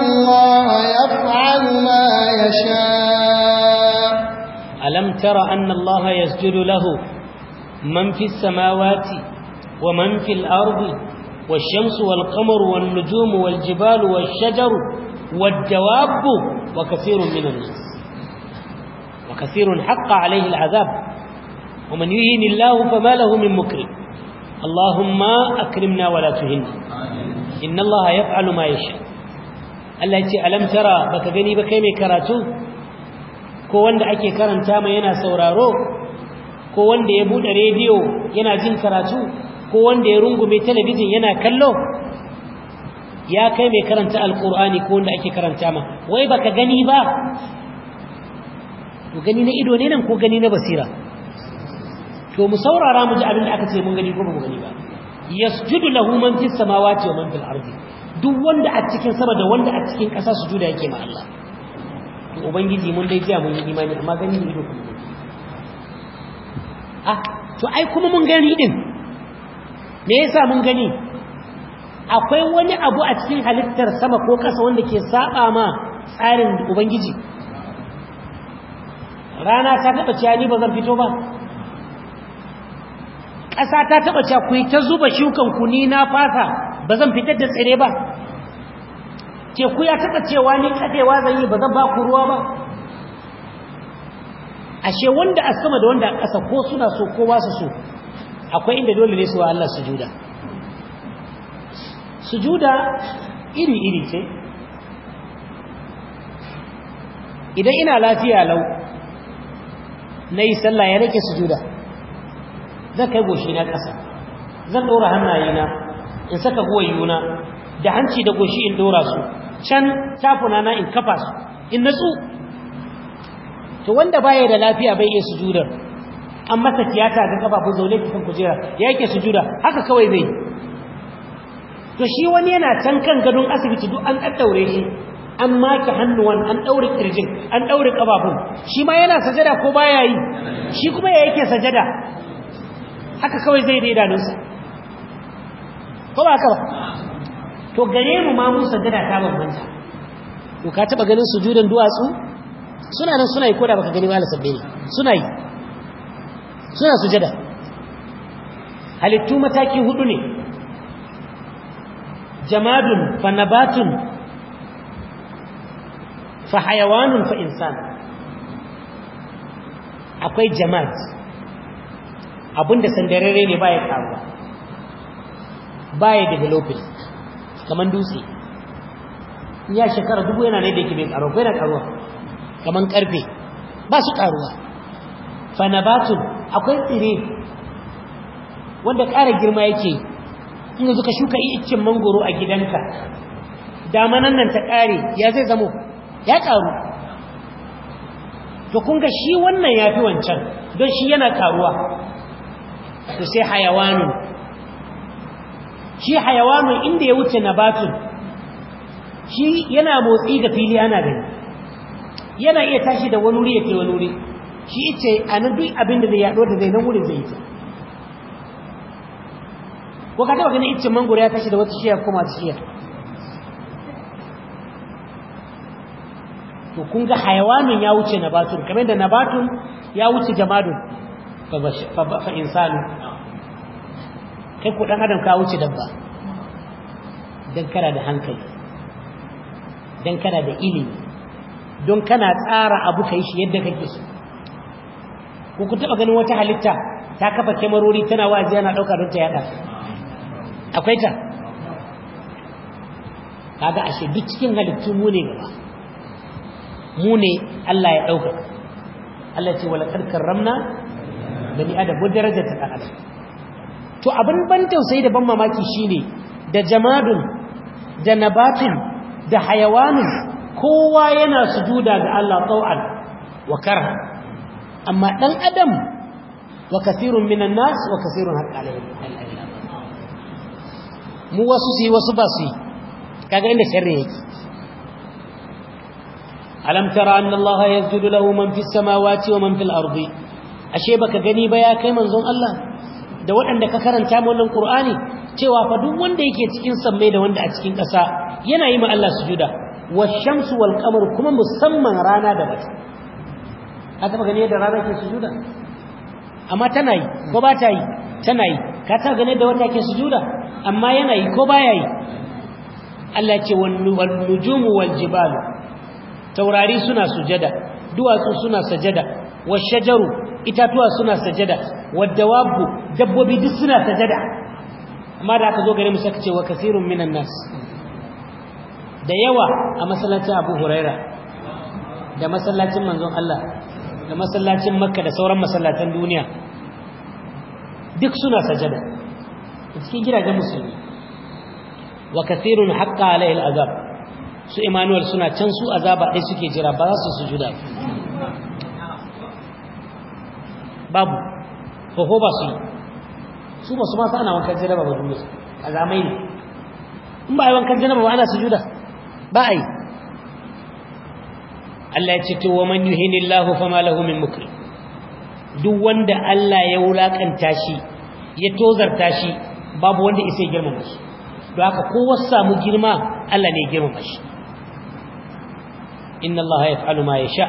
الله يفعل ما يشاء ألم تر أن الله يسجد له من في السماوات ومن في الأرض والشمس والقمر والنجوم والجبال والشجر والدواب wa kasirun minan nas wa kasirun haqqa alaihi al'azab wa man yuhini Allah fama lahu min mukrim Allahumma akrimna wa la tuhinna inna Allah yaf'alu Allah ya ce alam tara baka gani ba kai mai karatu ko wanda ake karanta ma yana sauraro ko wanda ya bude rediyo yana jin karatu ko wanda ya rungume talabijin yana kallo ya kai mai karanta alkur'ani ko wanda ake karanta ma wai baka gani ba to gani na ido ne nan ko gani na basira to mu saurara mu ji abin da aka ce mun gani ko ba mu gani ba yasjudu lahu man fis samawati wa man fil ardi duk wanda a cikin sama da wanda a cikin ƙasa sujuda yake ma Allah to ubangiji mun dai jiya mun yi imani amma gani ne ido kuma ah to ai kuma mun gani din me yasa mun gani akwai wani abu a cikin halittar sama ko ƙasa wanda ke saba ma tsarin ubangiji rana ta taɓa ciya ni ba zan fito ba ƙasa ta taɓa ciya ku ta zuba shukan ku ni na fasa ba zan fitar da tsire ba teku ya taba cewa ni kadewa zan yi ba zan ba ku ruwa ba ashe wanda a sama da wanda a ƙasa ko suna so ko ba su so akwai inda dole ne su wa Allah sujuda sujuda iri-iri ce idan ina lafiya lau na yi sallah ya rike sujuda zan kai goshi na ƙasa zan ɗora hannayena in saka guwayuna da hanci da goshi in ɗora su can tafuna na in kafa su in natsu to wanda baya da lafiya bai iya sujudar an masa tiyata ga kafafun zaune cikin kujera ya yake sujuda haka kawai bai to shi wani yana can kan gadon asibiti duk an ɗaɗɗaure shi an maki hannuwan an ɗaure ƙirjin an ɗaure ƙabafun shi ma yana sajada ko baya yi shi kuma ya yake sajada haka kawai zai dai danunsa ko ba ka ba to gare mu ma mun sajada ta bambanta to ka taɓa ganin sujudan duwatsu suna nan suna yi ko da baka gani ba la sabbe ne suna yi suna sujada halittu mataki hudu ne jamadun fa nabatun fa hayawanun fa insan akwai jamad abinda sandararre ne baya karuwa baya developing kaman dutse ya shekara dubu yana ne da yake bai karuwa bai da karuwa kaman karfe ba su karuwa fa nabatun akwai tsire wanda ƙara girma yake in yanzu ka shuka iccen mangoro a gidanka damanan nan ta ƙare ya zai zamo ya ƙaru to kun ga shi wannan ya fi wancan don shi yana ƙaruwa to sai hayawanin shi hayawanin inda ya wuce batun, shi yana motsi da fili ana gani yana iya tashi da wani wuri ya fi wani wuri shi ita a nan duk abin da zai yaɗo da zai nan wurin zai ita ko ka taba ganin iccin mangoro ya tashi da wata shiya kuma ta shiya to kun ga hayawanin ya wuce nabatun kamar da nabatun ya wuce jamadun fa insanu kai ku dan adam ka wuce dabba dan kana da hankali dan kana da ilimi don kana tsara abu kai shi yadda kake so ku ku taba ganin wata halitta ta kafa kemarori tana wazi na dauka don ta yada akwai ta kaga ashe duk cikin halittu mu ne gaba mu ne Allah ya dauka Allah ce wala kad karramna bani adam wa ta adam to abin ban tausayi da ban mamaki shine da jamadun da nabatun da hayawanin kowa yana sujuda ga Allah tau'an wa karha amma dan adam wa kathirun minan nas wa kathirun haqqan alayhi mu wasu su yi wasu ba su yi kaga inda sharri yake alam tara anna allah yasjudu lahu man fis samawati wa man fil ardi ashe baka gani ba ya kai manzon Allah da waɗanda ka karanta mu wannan qur'ani cewa fa duk wanda yake cikin sammai da wanda a cikin ƙasa yana yi ma Allah sujuda wa shamsu wal-qamaru kuma musamman rana da wata haka baka gani da rana ke sujuda amma tana yi ko ba ta yi tana yi ka ta gane da wanda ke sujuda amma yana yi ko baya yi Allah ce wal nujumu wal taurari suna sujada duwatsu suna sajada washajaru itatuwa suna sajada wadawabu dabbobi duk suna sajada amma da aka zo gare mu saka wa kasirun minan nas da yawa a masallacin Abu Huraira da masallacin manzon Allah da masallacin Makka da sauran masallatan duniya duk suna sajada cikin gidajen musulmi wa kathirun haqqa alaihi al'azab su Emmanuel suna can su azaba dai suke jira ba za su sujuda babu ko ko ba su su ba su ma sana wankan jaraba ba duniya azamai ne in ba yi wankan jaraba ba ana sujuda ba ai Allah ya ce to wa man yuhinillahu fama lahu min mukrim duk wanda Allah ya wulakanta shi ya tozarta shi babu wanda Isai ya girmama shi don haka kowa samu girma Allah ne ya girmama shi inna Allah ya fa'alu ma ya sha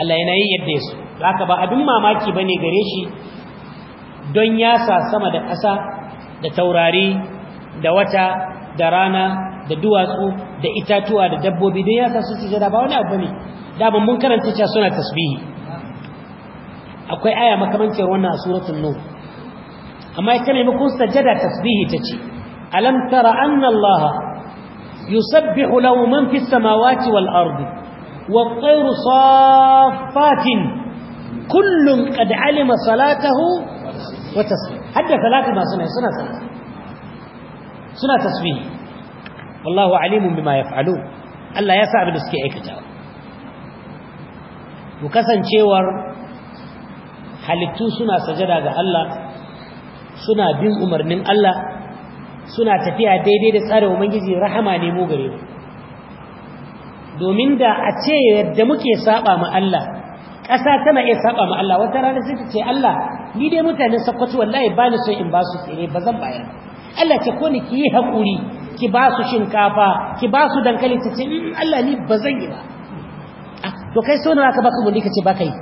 Allah yana yi yadda ya so don haka ba abin mamaki ba gare shi don ya sa sama da ƙasa da taurari da wata da rana da duwatsu da itatuwa da dabbobi don ya sa su sujada ba wani abu ne daban mun karanta cewa suna tasbihi akwai aya makamancin wannan a suratul nuh amma ita maimakon sajada tasbihi ta ce alam tara anna Allah yusabbihu lahu man fis samawati wal ardi wat tayru saffatin kullun qad alima salatahu wa tasbih hadda salatu ma suna suna suna tasbih wallahu alimun bima yaf'alun Allah ya sa abin da suke aikatawa mu kasancewar halittu suna sajada ga Allah suna bin umarnin Allah suna tafiya daidai da tsarin ubangiji rahama ne mu gare mu domin da a ce yadda muke saba ma Allah ƙasa tana iya saba ma Allah wata rana sai ta ce Allah ni dai mutanen Sokoto wallahi ba ni so in ba su tsire ba zan bayar Allah ce ko ni ki yi hakuri ki ba su shinkafa ki ba su dankali ta ce mm, Allah ni ba zan yi ba ah, to kai so ne ka baka gundi ka ce baka yi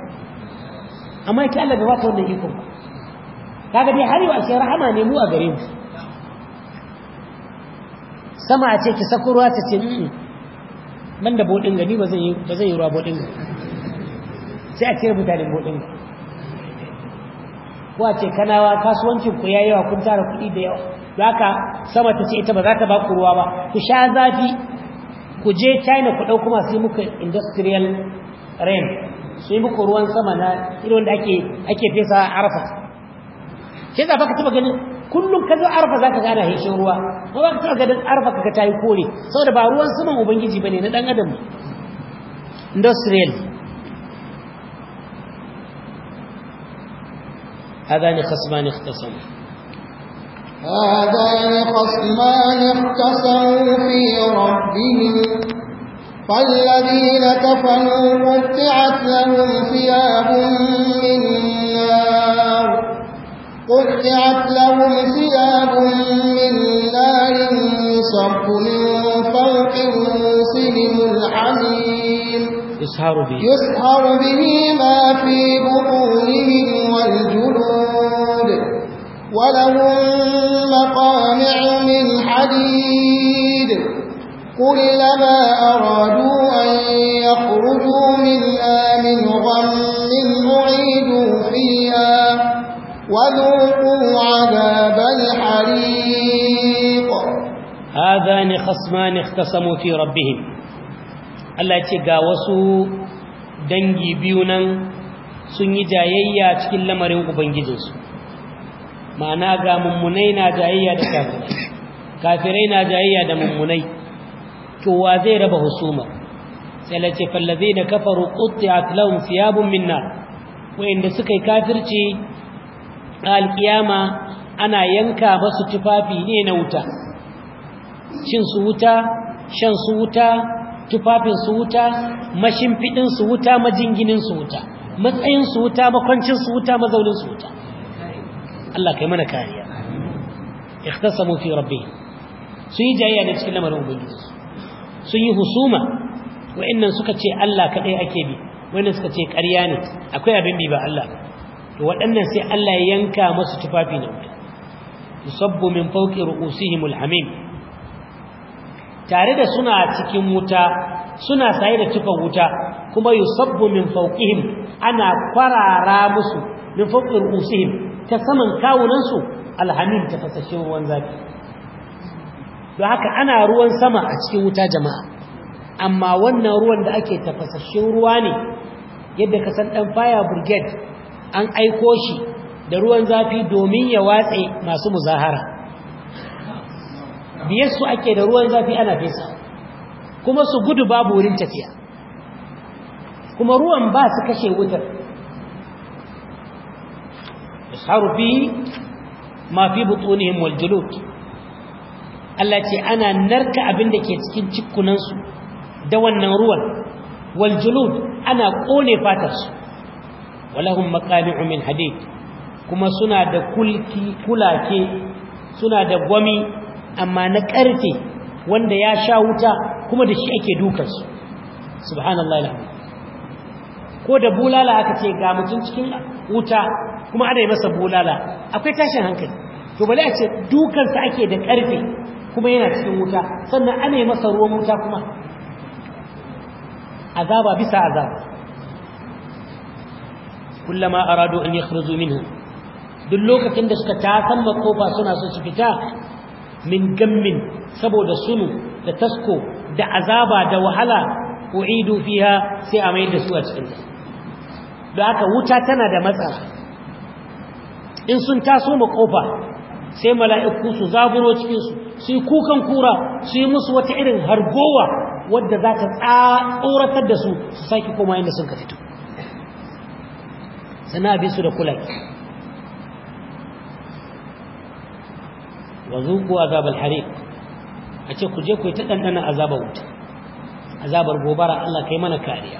amma ki Allah da baka wannan iko ba kaga dai har yau ashe rahama ne mu a gare mu sama a ce ki sako ruwa ta ce ni mm, ban da bodin gani ba zai ba zai ruwa bodin sai a cire mutanen bodin ko a ce kanawa kasuwancin ku yayi yawa kun tara kuɗi da yawa haka sama ta ce ita ba za ta ba ku ruwa ba ku sha zafi ku je China ku dauko masu yi muku industrial rain su yi muku ruwan sama na irin da ake ake fesa arafat shi za ka taba ganin kullum ka zo arfa za ka gane haishin ruwa ba za ka taba ganin arfa ka ta yi kore saboda ba ruwan saman ubangiji ba ne na ɗan adam industrial هذان خصمان اختصموا هذان خصمان اختصموا في ربهم فالذين كفروا قطعت لهم ثياب من نار قطعت لهم ثياب من نار صب من فوق رؤوسهم الحميم يسهر به, يسهر به ما في بطونهم والجلود ولهم مقامع من حديد كلما أرادوا أن يخرجوا منها من غم وذوقوا عذاب الحريق هذان خصمان اختصموا في ربهم الله يتقى وسو dangi biyu nan sun yi jayayya cikin lamarin ubangijinsu ma'ana ga mummunai na jayayya da kafirai kafirai na jayayya da mummunai kowa zai raba husuma sai lace fallaze da kafaru qutti'at lahum min wayanda suka kafirci alkiyama ana yanka su tufafi ne na wuta cin su wuta shan su wuta tufafin su wuta mashimfidin su wuta majinginin su wuta matsayin su wuta makwancin su wuta mazaunin su wuta Allah kai mana kariya ikhtasamu fi rabbi. sun yi jayya ne cikin lamarin ubangiji sun yi husuma wa'annan suka ce Allah kadai ake bi wannan suka ce ƙarya ne akwai abin bi ba Allah to waɗannan sai Allah ya yanka masu tufafi na wuta yusabbu min fawqi ru'usihim alhamim tare da suna cikin wuta suna saye da tufan wuta kuma yusabbu min fawqihim ana kwarara musu min fawqi ru'usihim ta saman kawunan su alhamim ta fasashe ruwan zafi don haka ana ruwan sama a cikin wuta jama'a amma wannan ruwan da ake tafasashen ruwa ne yadda ka san dan fire brigade an aiko shi da ruwan zafi domin ya watse masu muzahara biyar su ake da ruwan zafi ana fesa kuma su gudu babu wurin tafiya kuma ruwan ba su kashe wutar isharu bi ma fi butunihim Allah ce ana narka abin da ke cikin cikunansu da wannan ruwan waljulud ana kone su. walahum maqani'u min hadid kuma suna da kulki kulake suna da gwami amma na karfe wanda ya sha wuta kuma da shi ake dukar su subhanallahi ko da bulala aka ce ga mutum cikin wuta kuma ana yi masa bulala akwai tashin hankali to bale a ce dukan ake da ƙarfe kuma yana cikin wuta sannan ana yi masa ruwan wuta kuma azaba bisa azaba kullama arado an yakhruju minhu duk lokacin da suka tasan makofa suna so su fita min gammin saboda sunu da tasko da azaba da wahala uidu fiha sai a mai da su a cikin don haka wuta tana da matsa. in sun taso makofa sai mala'iku su zaburo cikinsu su yi kukan kura su yi musu wata irin hargowa wadda za ta tsoratar da su su sake koma inda sun ka fito سماء بيسو لكلك وذوقوا عذاب الحريق أتشو كجيكو يتدن أنا عذاب وطا عذاب الغبار الله كيمانا كاريا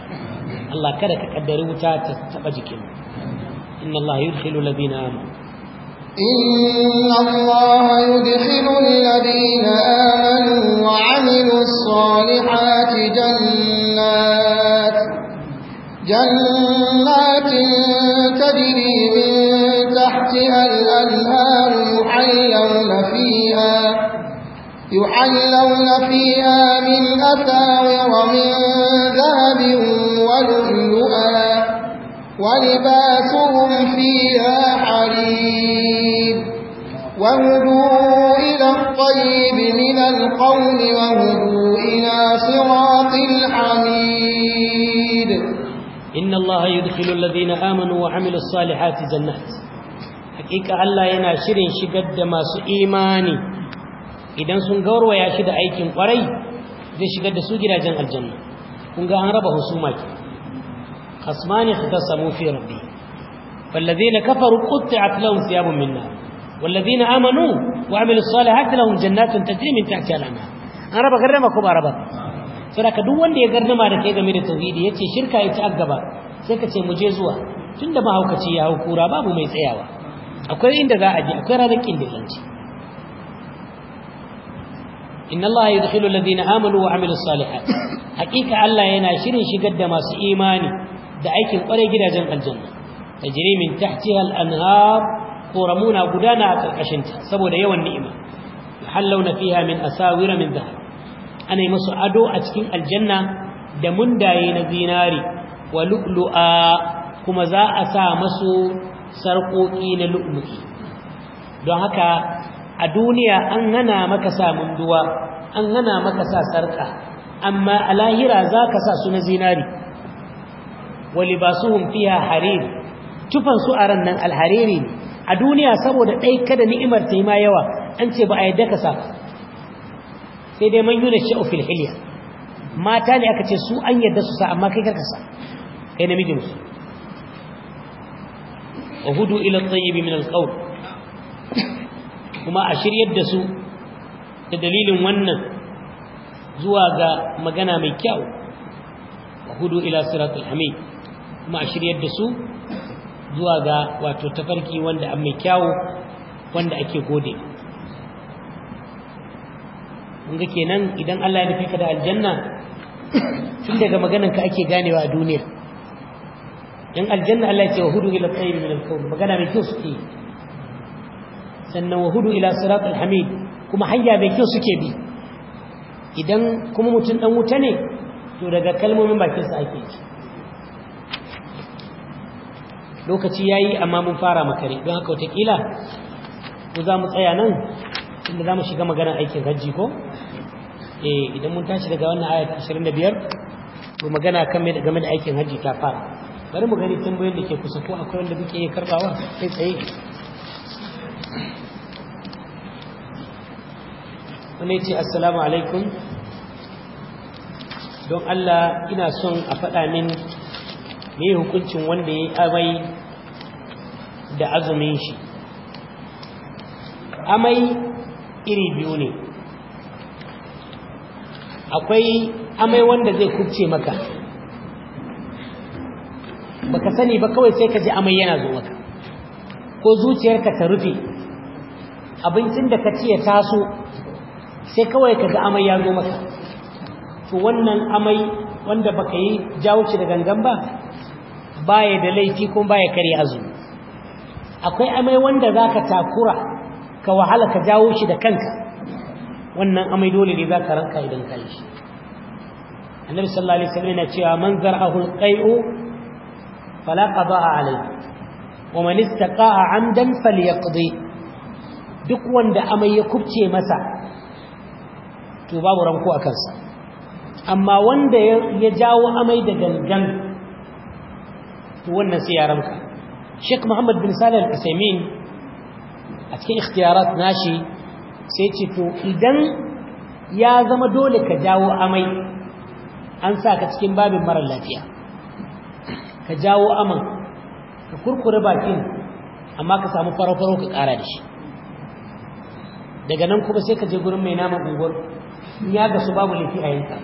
الله كارك كدر وطا تستبجك إن الله يدخل الذين آمنوا إن الله يدخل الذين آمنوا وعملوا الصالحات جنات جنات تجري من تحتها الأنهار يحلون فيها يحلون فيها من أساور من ذهب ولؤلؤا ولباسهم فيها حليب وهدوا إلى الطيب من القول وهدوا إلى صراط الحميد inna allaha yudkhilu alladhina amanu wa amilu salihati jannat hakika Allah yana shirin shigar da masu imani idan sun gaurwaya shi da aikin kwarai zai shigar da su gidajen aljanna kun an raba husuma ki fi rabbi كفروا قطعت لهم ثياب من نار والذين امنوا وعملوا الصالحات لهم جنات تجري من تحتها الانهار an raba garrama ko ba saboda duk wanda ya garnama da kai game da tauhidi yace shirka yace aggaba sai ka ce mu je zuwa tunda mahaukaci ya hau kura babu mai tsayawa akwai inda za a je akwai ranar kindillanci inna allaha yudkhilu alladhina amanu wa amilus salihat haqiqa allah yana shirin shigar da masu imani da aikin kware gidajen aljanna tajri min tahtiha al-anhar quramuna gudana a karkashin ta saboda yawan ni'ima yuhallawna fiha min asawira min dhahab ana yi masu ado a cikin aljanna da mundaye na zinari wa lu'lu'a kuma za a sa masu sarƙoƙi na lu'lu'i don haka a duniya an hana maka sa munduwa an hana maka sa sarƙa amma a lahira za ka sa su na zinari wa libasuhum fiha hariri tufan su a ran nan alhariri a duniya saboda ɗai kada ni'imar ta yi ma yawa an ce ba a yadda ka sa sai dai mun yuna shi ofil hilya mata ne aka ce su an yadda su sa amma kai karka sa kai namijin su uhudu ila tayyib min kuma a shiryar da su da dalilin wannan zuwa ga magana mai kyau uhudu ila siratul hamid kuma a shiryar da su zuwa ga wato tafarki wanda an mai kyau wanda ake gode mun ga kenan idan Allah ya nufi ka da aljanna tun daga maganan ka ake ganewa a duniya dan aljanna Allah ya ce wahudu ila tsayin min al magana mai kyau suke sannan wahudu ila sirat al-hamid kuma hanya mai kyau suke bi idan kuma mutum dan wuta ne to daga kalmomin bakin sa ake ji lokaci yayi amma mun fara makare don haka wata kila ko za mu tsaya nan tunda za mu shiga maganar aikin hajji ko eh idan mun tashi daga wannan aya 25 to magana kan me game da aikin hajji ta fara bari mu gani tambayoyin da ke kusa ko akwai wanda muke iya karbawa kai tsaye wani ce assalamu alaikum don Allah ina son a faɗa min me hukuncin wanda ya amai da azumin shi amai iri biyu ne akwai amai wanda zai kubce maka baka sani ba kawai sai ka ji amai yana zo maka ko zuciyarka ta rufe abincin da ka ci ya taso sai kawai ka ga amai ya zo maka to wannan amai wanda baka yi jawo da gangan ba baya da laifi kuma baya kare azumi akwai amai wanda ka takura ka wahala ka jawo shi da kanka wannan amai dole ne za ka ranka idan ka yi shi annabi sallallahu alaihi wasallam yana cewa man zar'ahu alqai'u fala qada'a alayhi wa man istaqa'a 'amdan falyaqdi duk wanda amai ya kubce masa to babu ranko a kansa amma wanda ya jawo amai da gangan to wannan sai ya ranka Sheikh Muhammad bin Salih Al-Uthaymeen a cikin ikhtiyarat nashi sai ce to idan ya zama dole ka jawo amai an sa ka cikin babin mara lafiya ka jawo aman ka kurkure bakin amma ka samu faro-faro ka kara da shi daga nan kuma sai ka je gurin mai naman unguwar ya gasu babu laifi a yanka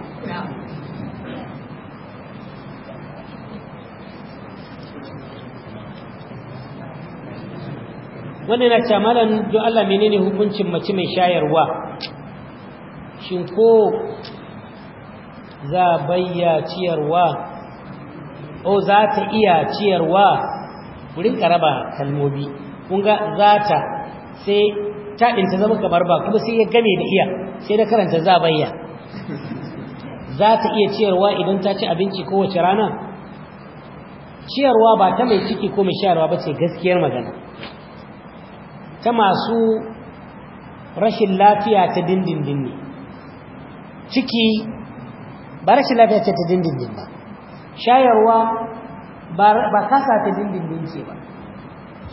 wannan yana cewa malam don Allah menene hukuncin mace mai shayarwa shin ko za bayya ciyarwa o za ta iya ciyarwa wurin karaba kalmomi kun ga za ta sai ta ta zama kamar ba kuma sai ya game da iya sai da karanta za bayya za ta iya ciyarwa idan ta ci abinci kowace rana ciyarwa ba ta mai ciki ko mai shayarwa ba ce gaskiyar magana ta masu rashin lafiya ta dindindin ne ciki ba rashin lafiya ta dindindin ba shayarwa ba kasa ta dindindin ce ba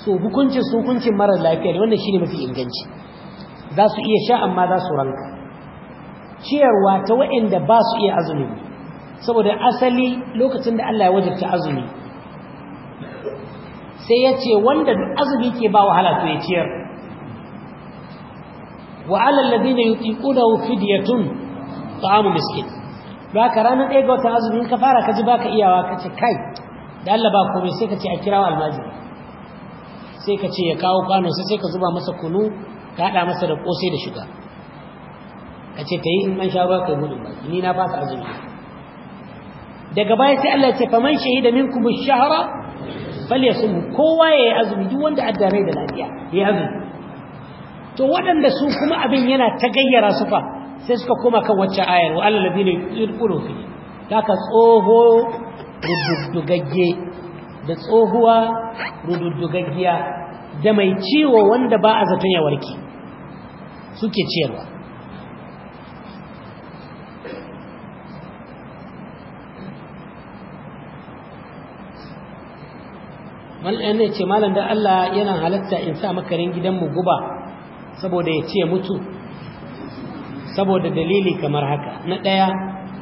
so hukuncin su hukuncin marar lafiya ne wannan ne mafi inganci za su iya sha amma za su ranka ciyarwa ta waɗanda ba su iya azumi saboda asali lokacin da Allah ya wajabta azumi sai ya ce wanda duk azumi ke ba wahala to ya ciyar wa alal ladina yutiquna fidyatun ta'amu miskin ba ka ranar ɗaya ga watan azumi ka fara ka ji ba ka iyawa ka ce kai da Allah ba komai sai ka ce a kirawo almajiri sai ka ce ya kawo kwano sai sai ka zuba masa kunu ka haɗa masa da ƙosai da shuga ka ce ka yi in an sha ruwa ka gudun ba ni na fasa azumi daga baya sai Allah ya ce faman shahida minkum ash-shahra bal sun kowa yayi azumi duk wanda addare da lafiya yayi azumi to wadanda su kuma abin yana ta gayyara su fa sai suka koma kan wacce ayar wa alal ladina yulqulu fi daga tsoho rududdugagge da tsohuwa rududdugaggiya da mai ciwo wanda ba a zaton ya warke suke ciyarwa wani ɗan ne ce malam da Allah yana halatta in sa makarin gidanmu guba saboda ya ce mutu saboda dalili kamar haka na ɗaya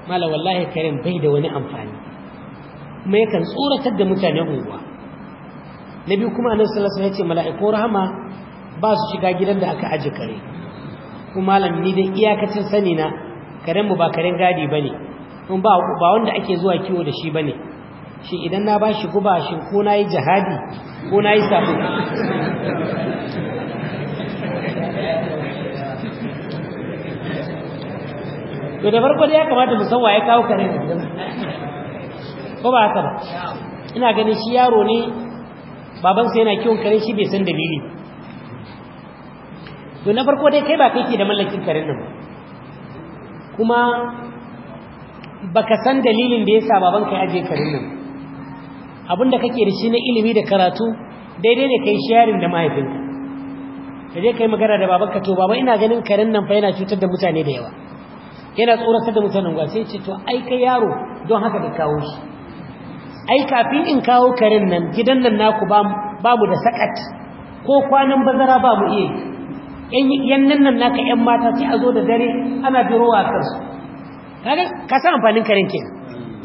malam wallahi karin bai da wani amfani kuma yakan tsoratar da mutane unguwa na biyu kuma annabi sallallahu alaihi ya ce mala'iku rahama ba su shiga gidan da aka aje kare kuma malam ni da iyakacin sani na karen mu ba karen gadi bane kuma ba wanda ake zuwa kiwo da shi bane shi idan na ba shi guba shi ko na yi jihadi ko na yi sabu to da farko da ya kamata mu ya kawo kare ko ba haka ba ina ganin shi yaro ne babansa yana kiwon kare shi bai san dalili to na farko dai kai ba kai ke da mallakin karen nan kuma baka san dalilin da sa baban kai aje karen nan abinda kake da shi na ilimi da karatu daidai ne kai sharing da mahaifinka ka je kai magana da babanka to baba ina ganin karen nan fa yana cutar da mutane da yawa yana tsoratar da mutanen gwa sai ce to ai kai yaro don haka ka kawo shi ai kafin in kawo karen nan gidan nan naku ba mu da sakat ko kwanan bazara ba mu iya yan nan nan naka yan mata sai a zo da dare ana birowa kansu kaga ka san amfanin karen kenan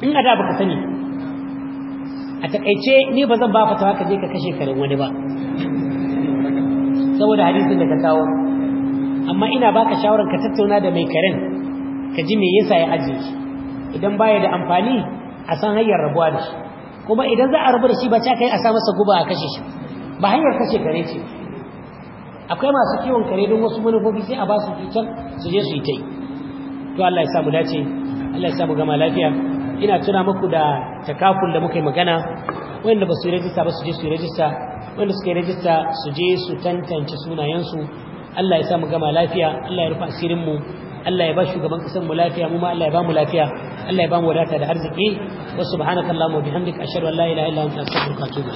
in a da baka sani a takaice ni ba zan ba fatawa haka je ka kashe karen wani ba saboda hadisin da ka kawo amma ina baka shawarar ka tattauna da mai karen ka ji me yasa ya aje shi idan baya da amfani a san hanyar rabuwa da shi kuma idan za a rabu da shi ba ta kai a sa masa guba a kashe shi ba hanyar kashe kare ce akwai masu kiwon kare don wasu manufofi sai a ba su fitan su je su yi ta yi to Allah ya sa dace Allah ya sa gama lafiya ina tuna muku da takaful da muka yi magana wanda ba su yi rajista ba su je su yi rajista wanda suka yi rajista su je su tantance sunayensu Allah ya sa mu gama lafiya Allah ya rufa asirin mu Allah ya ba shugaban kasar mu lafiya mu ma Allah ya ba mu lafiya Allah ya ba mu wadata da arziki wa subhanakallahumma wa bihamdika ashhadu an la ilaha illa anta astaghfiruka wa atubu